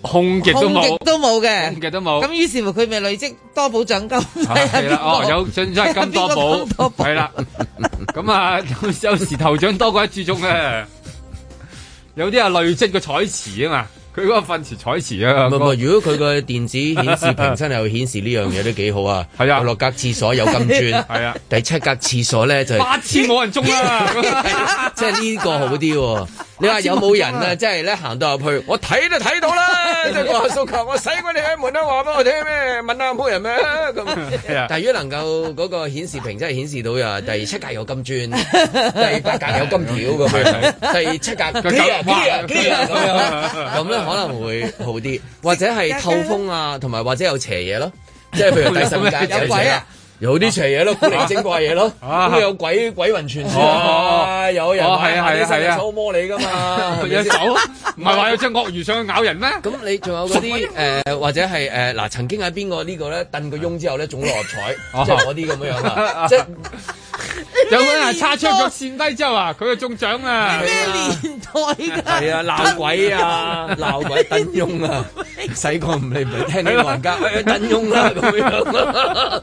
控極都冇，控極都冇嘅，控極都冇。咁於是乎佢咪累積多寶獎金，係啦，哦，有獎咗金多寶，係啦，咁啊有有時頭獎多過一注中嘅，有啲啊累積個彩池啊嘛。佢嗰、啊嗰個糞池彩池啊！如果佢個電子顯示屏真係有顯示呢樣嘢都幾好啊！係啊，六格廁所有金磚，係啊，第七格廁所咧就係、八次冇人中啊！即係呢個好啲喎、啊啊。你話有冇人，人啊？即係呢行到入去，我睇都睇到啦。即係阿叔求， 我使鬼你喺門啦，話俾我聽咩？問下冇人咩、啊？咁、啊、但係如果能夠嗰個顯示屏真係顯示到呀，第七格有金磚，第八格有金條咁嘛、啊啊啊，第七格， 七格 可能會好啲，或者係透風啊，同埋或者有邪嘢咯，即係譬如第十屆有鬼啊有啲邪嘢咯， 古靈精怪嘢咯， 有鬼鬼魂傳説啊， 啊，有人係啊係啊，手摸你噶嘛，隻手、啊，唔係話有隻鱷魚上去咬人咩？咁 你仲有嗰啲誒，或者係誒嗱，曾經喺邊個，個呢個咧，凳個燜之後咧中六合彩， 即係嗰啲咁樣樣，即 有個人係叉槍腳跣低之後啊，佢就中獎啦！咩年代噶？係啊，鬧鬼啊，鬧鬼燈翁啊！細個唔理唔聽啲老人家，去燈翁啦咁樣啦，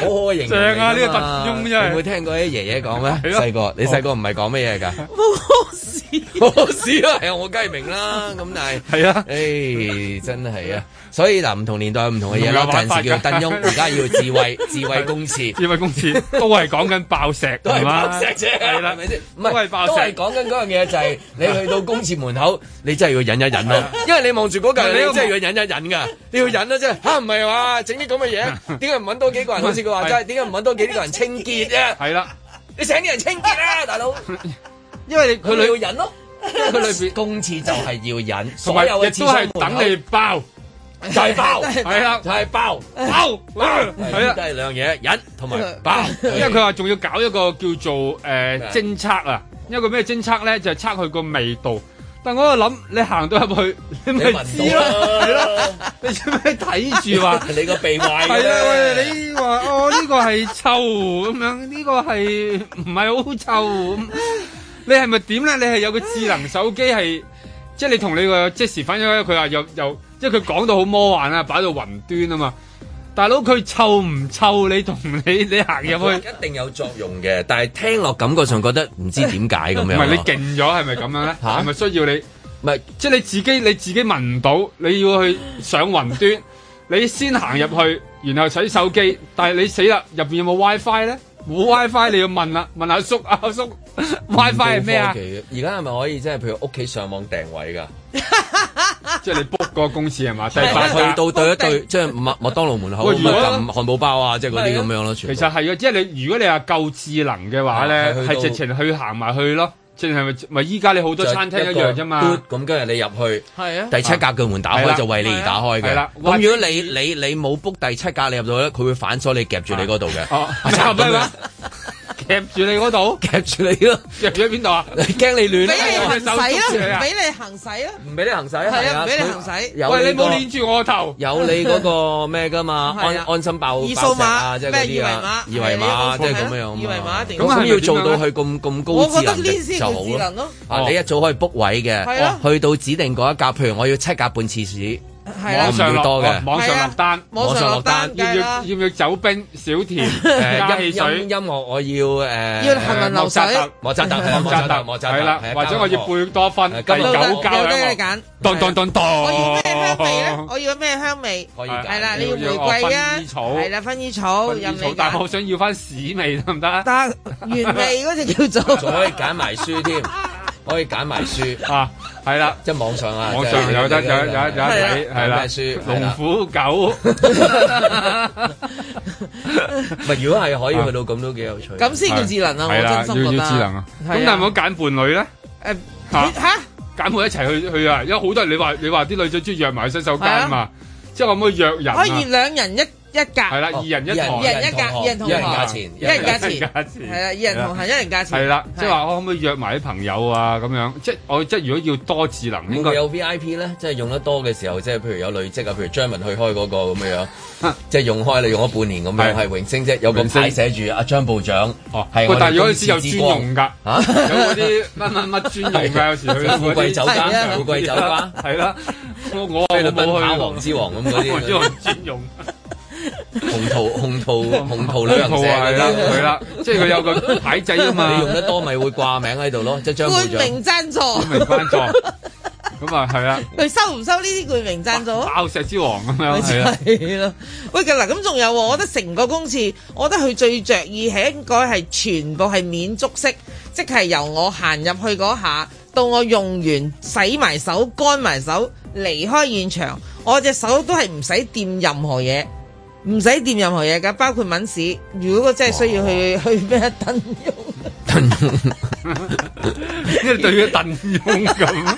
好可型嘅嘛！上啊，啲燈翁有冇聽過啲爺爺講咩？細個，你細個唔係講咩嘢噶？冇事？冇事啊？我梗係明啦，咁但係係啊，誒，真係啊！所以嗱，唔同年代有唔同嘅嘢啦。嗱，有陣時叫燈翁，而家要智慧 智慧公廁。智慧公廁都係講緊爆石，都係爆石啫，係啦，係咪先？唔係爆石，都係講緊嗰樣嘢，就係、是、你去到公廁門口， 你真係要忍一忍啦、啊。 因為你望住嗰嚿， 你真係要忍一忍噶、啊，你要忍啦、啊、啫。吓、 啊，唔係嘛？整啲咁嘅嘢，點解唔揾多幾個人？ 好似佢話齋，點解唔揾多幾啲人清潔啫、啊！係啦，你請啲人清潔啦、啊，大佬、 啊。因為佢要忍咯，佢裏邊公廁就係要忍，同埋亦都係等你爆。係、就、包、是，係啦、啊，係、就、包、是，包，係啦，即係兩樣嘢，人同埋包，因為佢話仲要搞一個叫做誒，偵測啊，一個咩偵測咧，就係測佢個味道。但我喺度諗，你行到入去，你咪聞到咯，咯，你做咩睇住話？你、 哦，這個鼻壞？係、這、啊、個，喂， 你話哦呢個係臭咁樣，呢個係唔係好臭？你係咪點咧？你係有個智能手機係，即係你同你個即時分咗，佢話又又。即係佢講到好魔幻啊，擺到雲端啊嘛，大佬佢臭唔臭你你？你同你你行入去一定有作用嘅，但係聽落感覺上覺得唔知點解咁樣。唔係你勁咗係咪咁樣咧？係、啊、咪需要你？唔係，即係你自己你自己聞唔到，你要去上雲端，你先行入去，然後使手機，但係你死啦，入邊有冇 WiFi 咧？冇 WiFi 你要問啊問阿、啊、叔阿、啊、叔 WiFi 係咩啊？而家係咪可以即係譬如屋企上網訂位㗎？ 即係你 book 個公司係嘛？第八去到對一對， 即係麥麥當勞門口、麥當、啊、漢堡包啊，即係嗰啲咁樣咯。其實係啊，即係你如果你話夠智能嘅話咧，係直情去行埋去咯。即係咪咪依家你好多餐廳一樣啫嘛？咁今日你入去、啊，第七格嘅門打開、啊、就為你而打開嘅。咁、啊啊、如果你你你冇 book 第七格，你入到咧，佢會反鎖你，夾你，夾住你嗰度嘅。哦、啊，差唔多夾住你嗰度，夾住你咯，夾住喺邊度啊？驚你亂啦、 啊，俾、啊、你行駛啦、啊，俾你行駛啊？唔俾你行駛，係啊，俾你行駛、這個。喂，你冇鏈住我個頭，有你嗰個咩噶嘛？ 啊、安安心爆，二維碼即係嗰啲啊，二維碼，二維碼即係咁樣二維碼一定咁咁要做到去咁咁高智能嘅、啊、做咯。啊，你一早可以 book 位嘅，去到指定嗰一格，譬如我要七格半廁紙。網上落，網上落單，網上落單，要唔要要唔要走冰小甜加汽水？音樂我要誒，要幸運流水。莫扎特，莫扎特，莫扎特，係啦，或者我要貝多芬，第九交啦。有得你揀。當當當當。我要咩香味咧？我要咩香味？可以揀。係啦，你要玫瑰啊？係啦，薰衣草。薰衣草。但係我想要翻屎味得唔得？得，原味嗰隻叫做。仲可以揀埋書添。可以揀埋書啊，係啦，即係網上啊，網上有得有有有一睇係啦，書《龍虎狗》。咪如果係可以去到咁都幾有趣，咁先叫智能啊！係啦，要智能啊。咁但係唔好揀伴侶咧？誒嚇，揀伴一齊去去啊！有好多你話你話啲女仔中意約埋洗手間啊嘛，即係我可唔可以約人？可以兩人一。一格係啦，二人一台，一人，人一格，二人同行，一人，人價錢，一人價錢，係啦，二人同行，一人，人價錢。係啦，即係話我可唔可以約埋啲朋友啊？咁樣即係我即係如果要多智能，應該有 V I P 咧，即係用得多嘅時候，即係譬如有累積啊，譬如張文去開嗰、那個咁樣，即係用開你用咗半年咁樣，係榮星啫，有個牌寫住阿、啊、張部長，係、哦、我但係有啲有專用㗎、啊，有嗰啲乜乜乜專用㗎， 有時去富貴酒家、富貴酒家，啦，我冇去。王者之王咁嗰啲專用。紅桃紅桃 紅桃旅行社啊，係啦，係 啦，啦，即係佢有個牌仔啊嘛。你用得多咪會掛名喺度咯， 即係冠名贊助，冠名贊助咁啊，係啊。佢收唔收呢啲冠名贊助？爆、 啊、 石之王咁樣係咯。喂，啦咁仲有，我覺得成個公廁，我覺得佢最着意係應該係全部係免觸式，即係由我行入去嗰下到我用完洗埋手、乾埋手離開現場，我隻手都係唔使掂任何嘢。唔使掂任何嘢㗎，包括文史。如果我真係需要去去咩燉湯，燉湯，因 為 對住燉湯咁。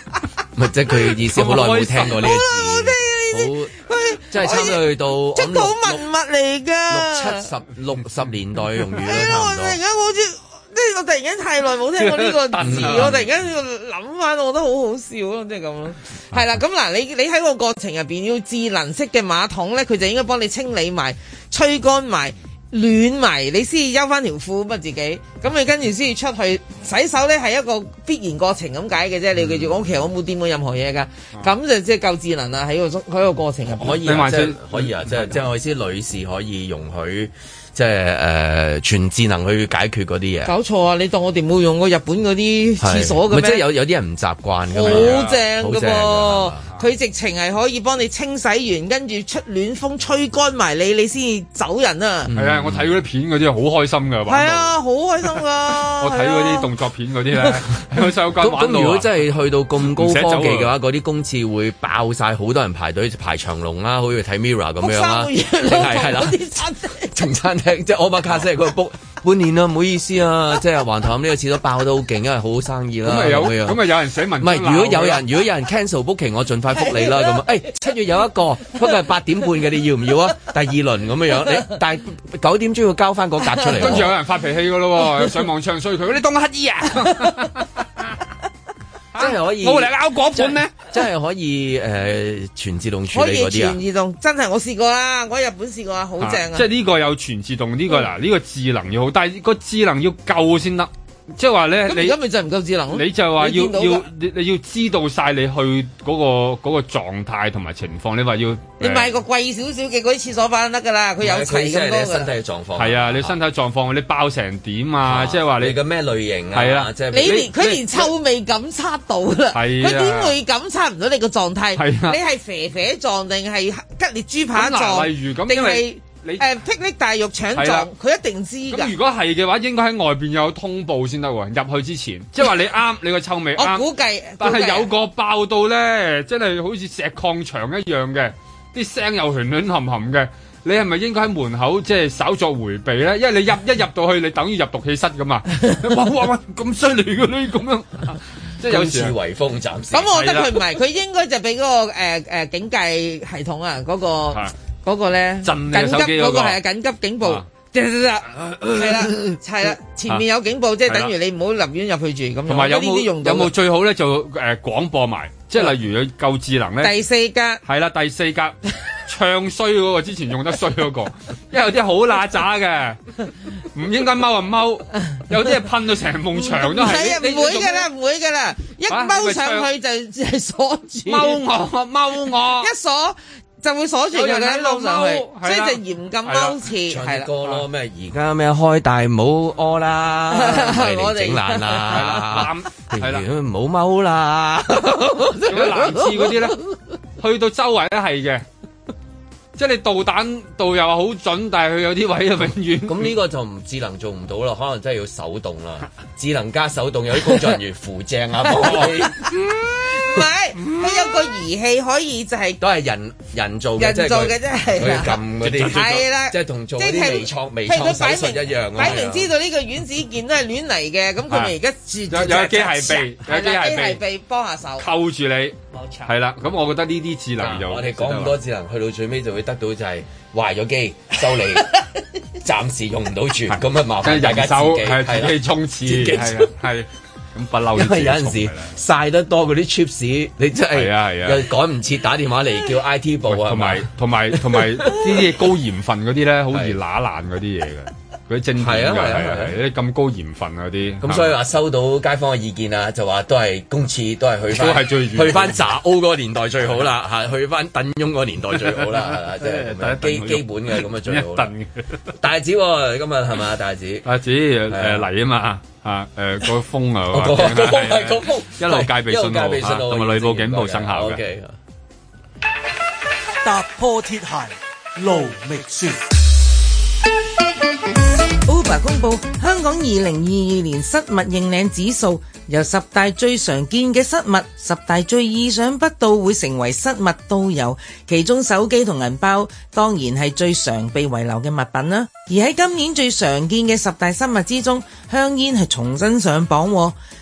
咪 即係佢意思、啊，好耐冇聽過呢個字，好耐冇聽過呢啲。佢真係差唔多去到出土文物嚟㗎。六七十六十年代用語啦，差唔多。欸即係我突然間太耐冇聽過呢個字， 我突然間要諗翻，我都覺得好好笑咯，即係咁咯。係 啦，咁嗱，你你喺個過程入邊，要智能式嘅馬桶咧，佢就應該幫你清理埋、吹乾埋、暖埋，你先休翻條褲俾自己。咁你跟住先至出去洗手咧，係一個必然過程咁解嘅啫。你要記住，嗯、我其實我冇掂過任何嘢噶。咁 就即係夠智能啦，喺個喺個過程入面，可、嗯、以，可以啊，即係即係我意思，女士可以容許。即係誒、呃、全智能去解決嗰啲嘢。搞錯啊！你當我哋冇用過日本嗰啲廁所㗎咩？即係有有啲人唔習慣㗎嘛。好正嘅噃，佢、啊啊、直情係可以幫你清洗完，跟住出暖風吹乾埋你，你先至走人啊。係、嗯、啊，我睇嗰啲片嗰啲好開心㗎嘛。係啊，好開心㗎。 是啊、 我睇嗰啲動作片嗰啲咧， 如果真係去到咁高，高科技嘅話，嗰啲公廁會爆晒，好多人排隊排長龍啦，好似睇 Mirror 咁樣啦。係啦，係 啦、啊，重餐、啊。 嗯、即係我把卡死個 book 半年啦，唔好意思啊，即係橫頭呢個次所爆得好勁，因為好生意啦，咁咪有，咁有人寫文，唔係，如果有人，如果有人 cancel book 期，我盡快 book 你啦，咁啊，誒、哎，七月有一個佢咪 o 八點半嘅，你要唔要啊？第二輪咁嘅樣，你大九點鐘要交翻個格出嚟，跟住有人發脾氣喇咯，上網唱衰佢，你當乞衣啊？ 啊、真係可以，我嚟拗嗰款真係可以，誒、呃，全自動處理嗰啲啊，全自動，真係我試過啦，我喺日本試過啊，好正、啊啊啊。即係呢個有全自動，呢、呢個嗱呢、嗯呢個智能要好，但係個智能要夠先得。即係話咧，你而家咪就唔夠智能，你就話要要，你要你要知道晒你去嗰、嗰個嗰、嗰個狀態同埋情況。你話要，你買個貴少少嘅嗰啲廁所翻得噶啦，佢有齊咁多你身體嘅狀況。係啊，啊，你身體狀況你包成點啊？即係話你嘅咩類型啊？係啊，即、就、係、是、你連佢連臭味感測到啦。係、啊，佢點會感測唔到你個狀態？係啊，你係肥肥狀定係吉列豬扒狀、啊？例如咁，因為。誒，霹、uh, 靂大肉搶係佢一定知㗎。咁如果係嘅話，應該喺外邊有通報先得喎。入去之前，即係話你啱，你個臭味。 我估計，但係有個爆到咧，真係好似石礦牆一樣嘅，啲聲又亂亂冚冚嘅。你係咪應該喺門口即係、就是、稍作回避咧？因為你入一入到去，你等於入毒氣室噶嘛。 哇哇咁犀利㗎呢？咁樣 即係有次微、啊、風暫時咁我覺得佢唔係，佢 應該就俾嗰、那個誒誒、呃呃、警戒系統啊，嗰、那個。嗰、那個咧、那個、緊急嗰、那個係啊、那個、緊急警報，係啦係啦，前面有警報，啊、即係等於你唔好立亂入去住，咁同埋有冇有冇最好咧就誒、呃、廣播埋，即係例如佢夠智能咧。第四格係啦，第四格 唱衰嗰、那個之前用得衰嗰、那個， 因為有啲好乸渣嘅，唔應該踎啊踎，有啲係噴到成棟牆都係。唔會噶啦，唔會噶啦、啊，一踎上去是是就係鎖住。踎我，踎我， 一鎖就會鎖住佢哋喺度，即所以就嚴禁踎廁，係啦、啊。咯、啊，咩而家咩開大唔好屙啦，我哋整爛啦，係 啦、啊，唔好踎啦，咁男廁嗰啲咧，去到周圍都係嘅。即係你導彈導又好準，但係佢有啲位就永遠咁呢、嗯、個就唔智能做唔到啦，可能真係要手動啦。智能加手動有啲工作人員扶 正啊，唔係 佢有個儀器可以就係都係人人造嘅，真係佢撳嗰啲係啦，即係同做啲微創微創手術一樣啊，擺明知道呢個軟子件都係亂嚟嘅，咁佢咪而家有有機械臂，有機械臂幫下手，扣住你，冇錯，係啦。咁我覺得呢啲智能我哋講咁多，智能去到最尾就會。得到就係壞咗機收你，暫時用唔到住，咁 咪麻煩大家自己係自己充電，係咁不嬲。因為有陣時 曬得多嗰啲 chips，你真係又趕唔切，打電話嚟叫 IT 部啊。同埋同埋同埋啲高鹽分嗰啲咧，好易乸爛嗰啲嘢嘅。佢正煉係係係咁高鹽分嗰啲。咁、嗯、所以話收到街坊嘅意見啊，就話都係公廁都係去翻，去翻雜屋嗰個年代最好啦，去翻鄧雍嗰個年代最好啦，即係基基本嘅咁嘅最好。鄧大子、啊，今日係咪大子？大子誒嚟啊嘛嚇誒個風啊，個風一路戒備信號一路戒備同埋內部警報生效嘅。踏破鐵鞋路未絕。公布香港2022年失物認領指數，由十大最常見嘅失物，十大最意想不到會成為失物都有。其中手機同銀包當然係最常被遺留嘅物品啦。而喺今年最常見嘅十大失物之中，香煙係重新上榜。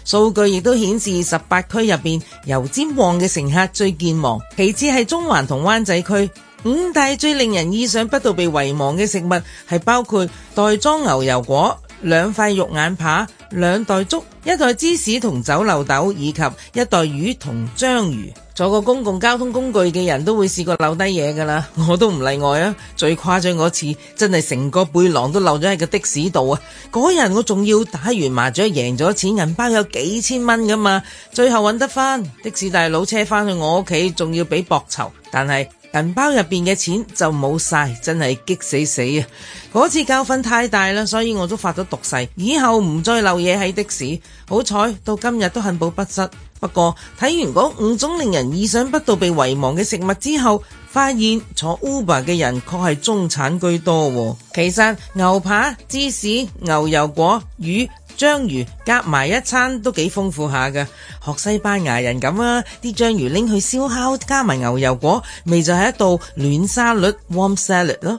數據亦都顯示18區，十八區入邊油尖旺嘅乘客最健忘，其次係中環同灣仔區。五大最令人意想不到被遺忘嘅食物係包括袋裝牛油果、兩塊肉眼扒、兩袋粥、一袋芝士同酒漏豆，以及一袋魚同章魚。坐過公共交通工具嘅人都會試過漏低嘢噶啦，我都唔例外啊！最誇張嗰次真係成個背囊都漏咗喺個的士度啊！嗰日我仲要打完麻雀贏咗錢，銀包有幾千蚊噶嘛，最後搵得翻的士大佬車翻去我屋企，仲要俾薄酬，但係。銀包入邊嘅錢就冇晒，真係激死死啊！嗰次教訓太大啦，所以我都發咗毒誓，以後唔再漏嘢喺的士。好彩到今日都幸保不失。不過睇完嗰五種令人意想不到被遺忘嘅食物之後，發現坐 Uber 嘅人確係中產居多。其實牛扒、芝士、牛油果、魚。章魚夾埋一餐都幾豐富下噶，學西班牙人咁啊，啲章魚拎去燒烤，加埋牛油果，咪就係一道暖沙律 （warm salad） 咯。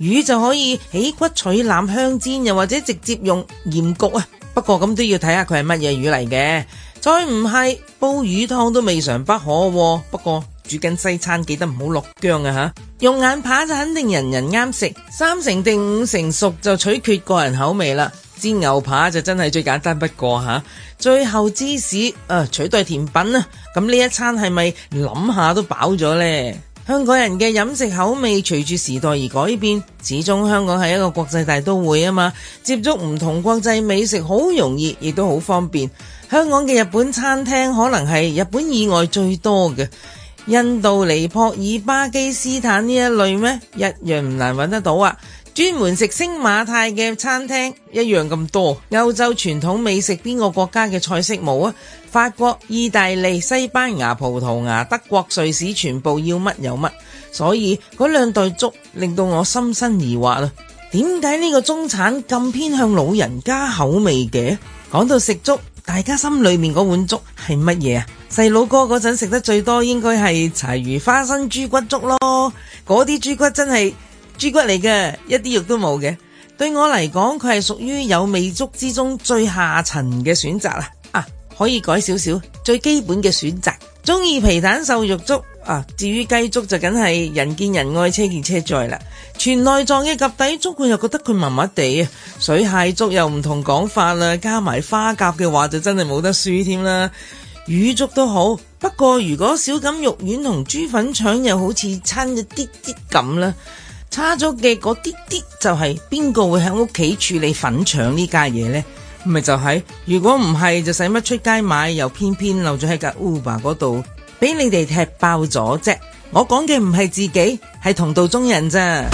魚就可以起骨取腩香煎，又或者直接用鹽焗啊。不過咁都要睇下佢係乜嘢魚嚟嘅。再唔係，煲魚湯都未嘗不可。不過煮緊西餐記得唔好落薑啊吓。肉眼扒就肯定人人啱食，三成定五成熟就取決個人口味啦。煎牛扒就真係最簡單不過吓，最後芝士啊取代甜品啦，咁呢一餐係咪諗下都飽咗呢？香港人嘅飲食口味隨住時代而改變，始終香港係一個國際大都會啊嘛，接觸唔同國際美食好容易，亦都好方便。香港嘅日本餐廳可能係日本以外最多嘅，印度尼泊爾、巴基斯坦呢一類咩一樣唔難揾得到啊！專門食星馬泰嘅餐廳一樣咁多，歐洲傳統美食邊個國家嘅菜式冇啊？法國、意大利、西班牙、葡萄牙、德國、瑞士，全部要乜有乜。所以嗰兩袋粥令到我心生疑惑啊！點解呢個中產咁偏向老人家口味嘅？講到食粥，大家心裏面嗰碗粥係乜嘢啊？細佬哥嗰陣食得最多應該係柴魚花生豬骨粥咯，嗰啲豬骨真係～豬骨嚟嘅，一啲肉都冇嘅。對我嚟講，佢係屬於有味粥之中最下層嘅選擇啦。啊，可以改少少最基本嘅選擇。中意皮蛋瘦肉粥啊，至於雞粥就梗係人見人愛，車見車載啦。全內臟嘅及第粥，佢又覺得佢麻麻地啊。水蟹粥又唔同講法啦，加埋花甲嘅話就真係冇得輸添啦。魚粥都好，不過如果小錦肉丸同豬粉腸又好似差一啲啲咁啦。差咗嘅嗰啲啲就係邊個會喺屋企處理粉腸呢家嘢呢？咪就係，如果唔係就使乜出街買，又偏偏漏咗喺架 Uber 嗰度俾你哋踢爆咗啫。我講嘅唔係自己，係同道中人咋。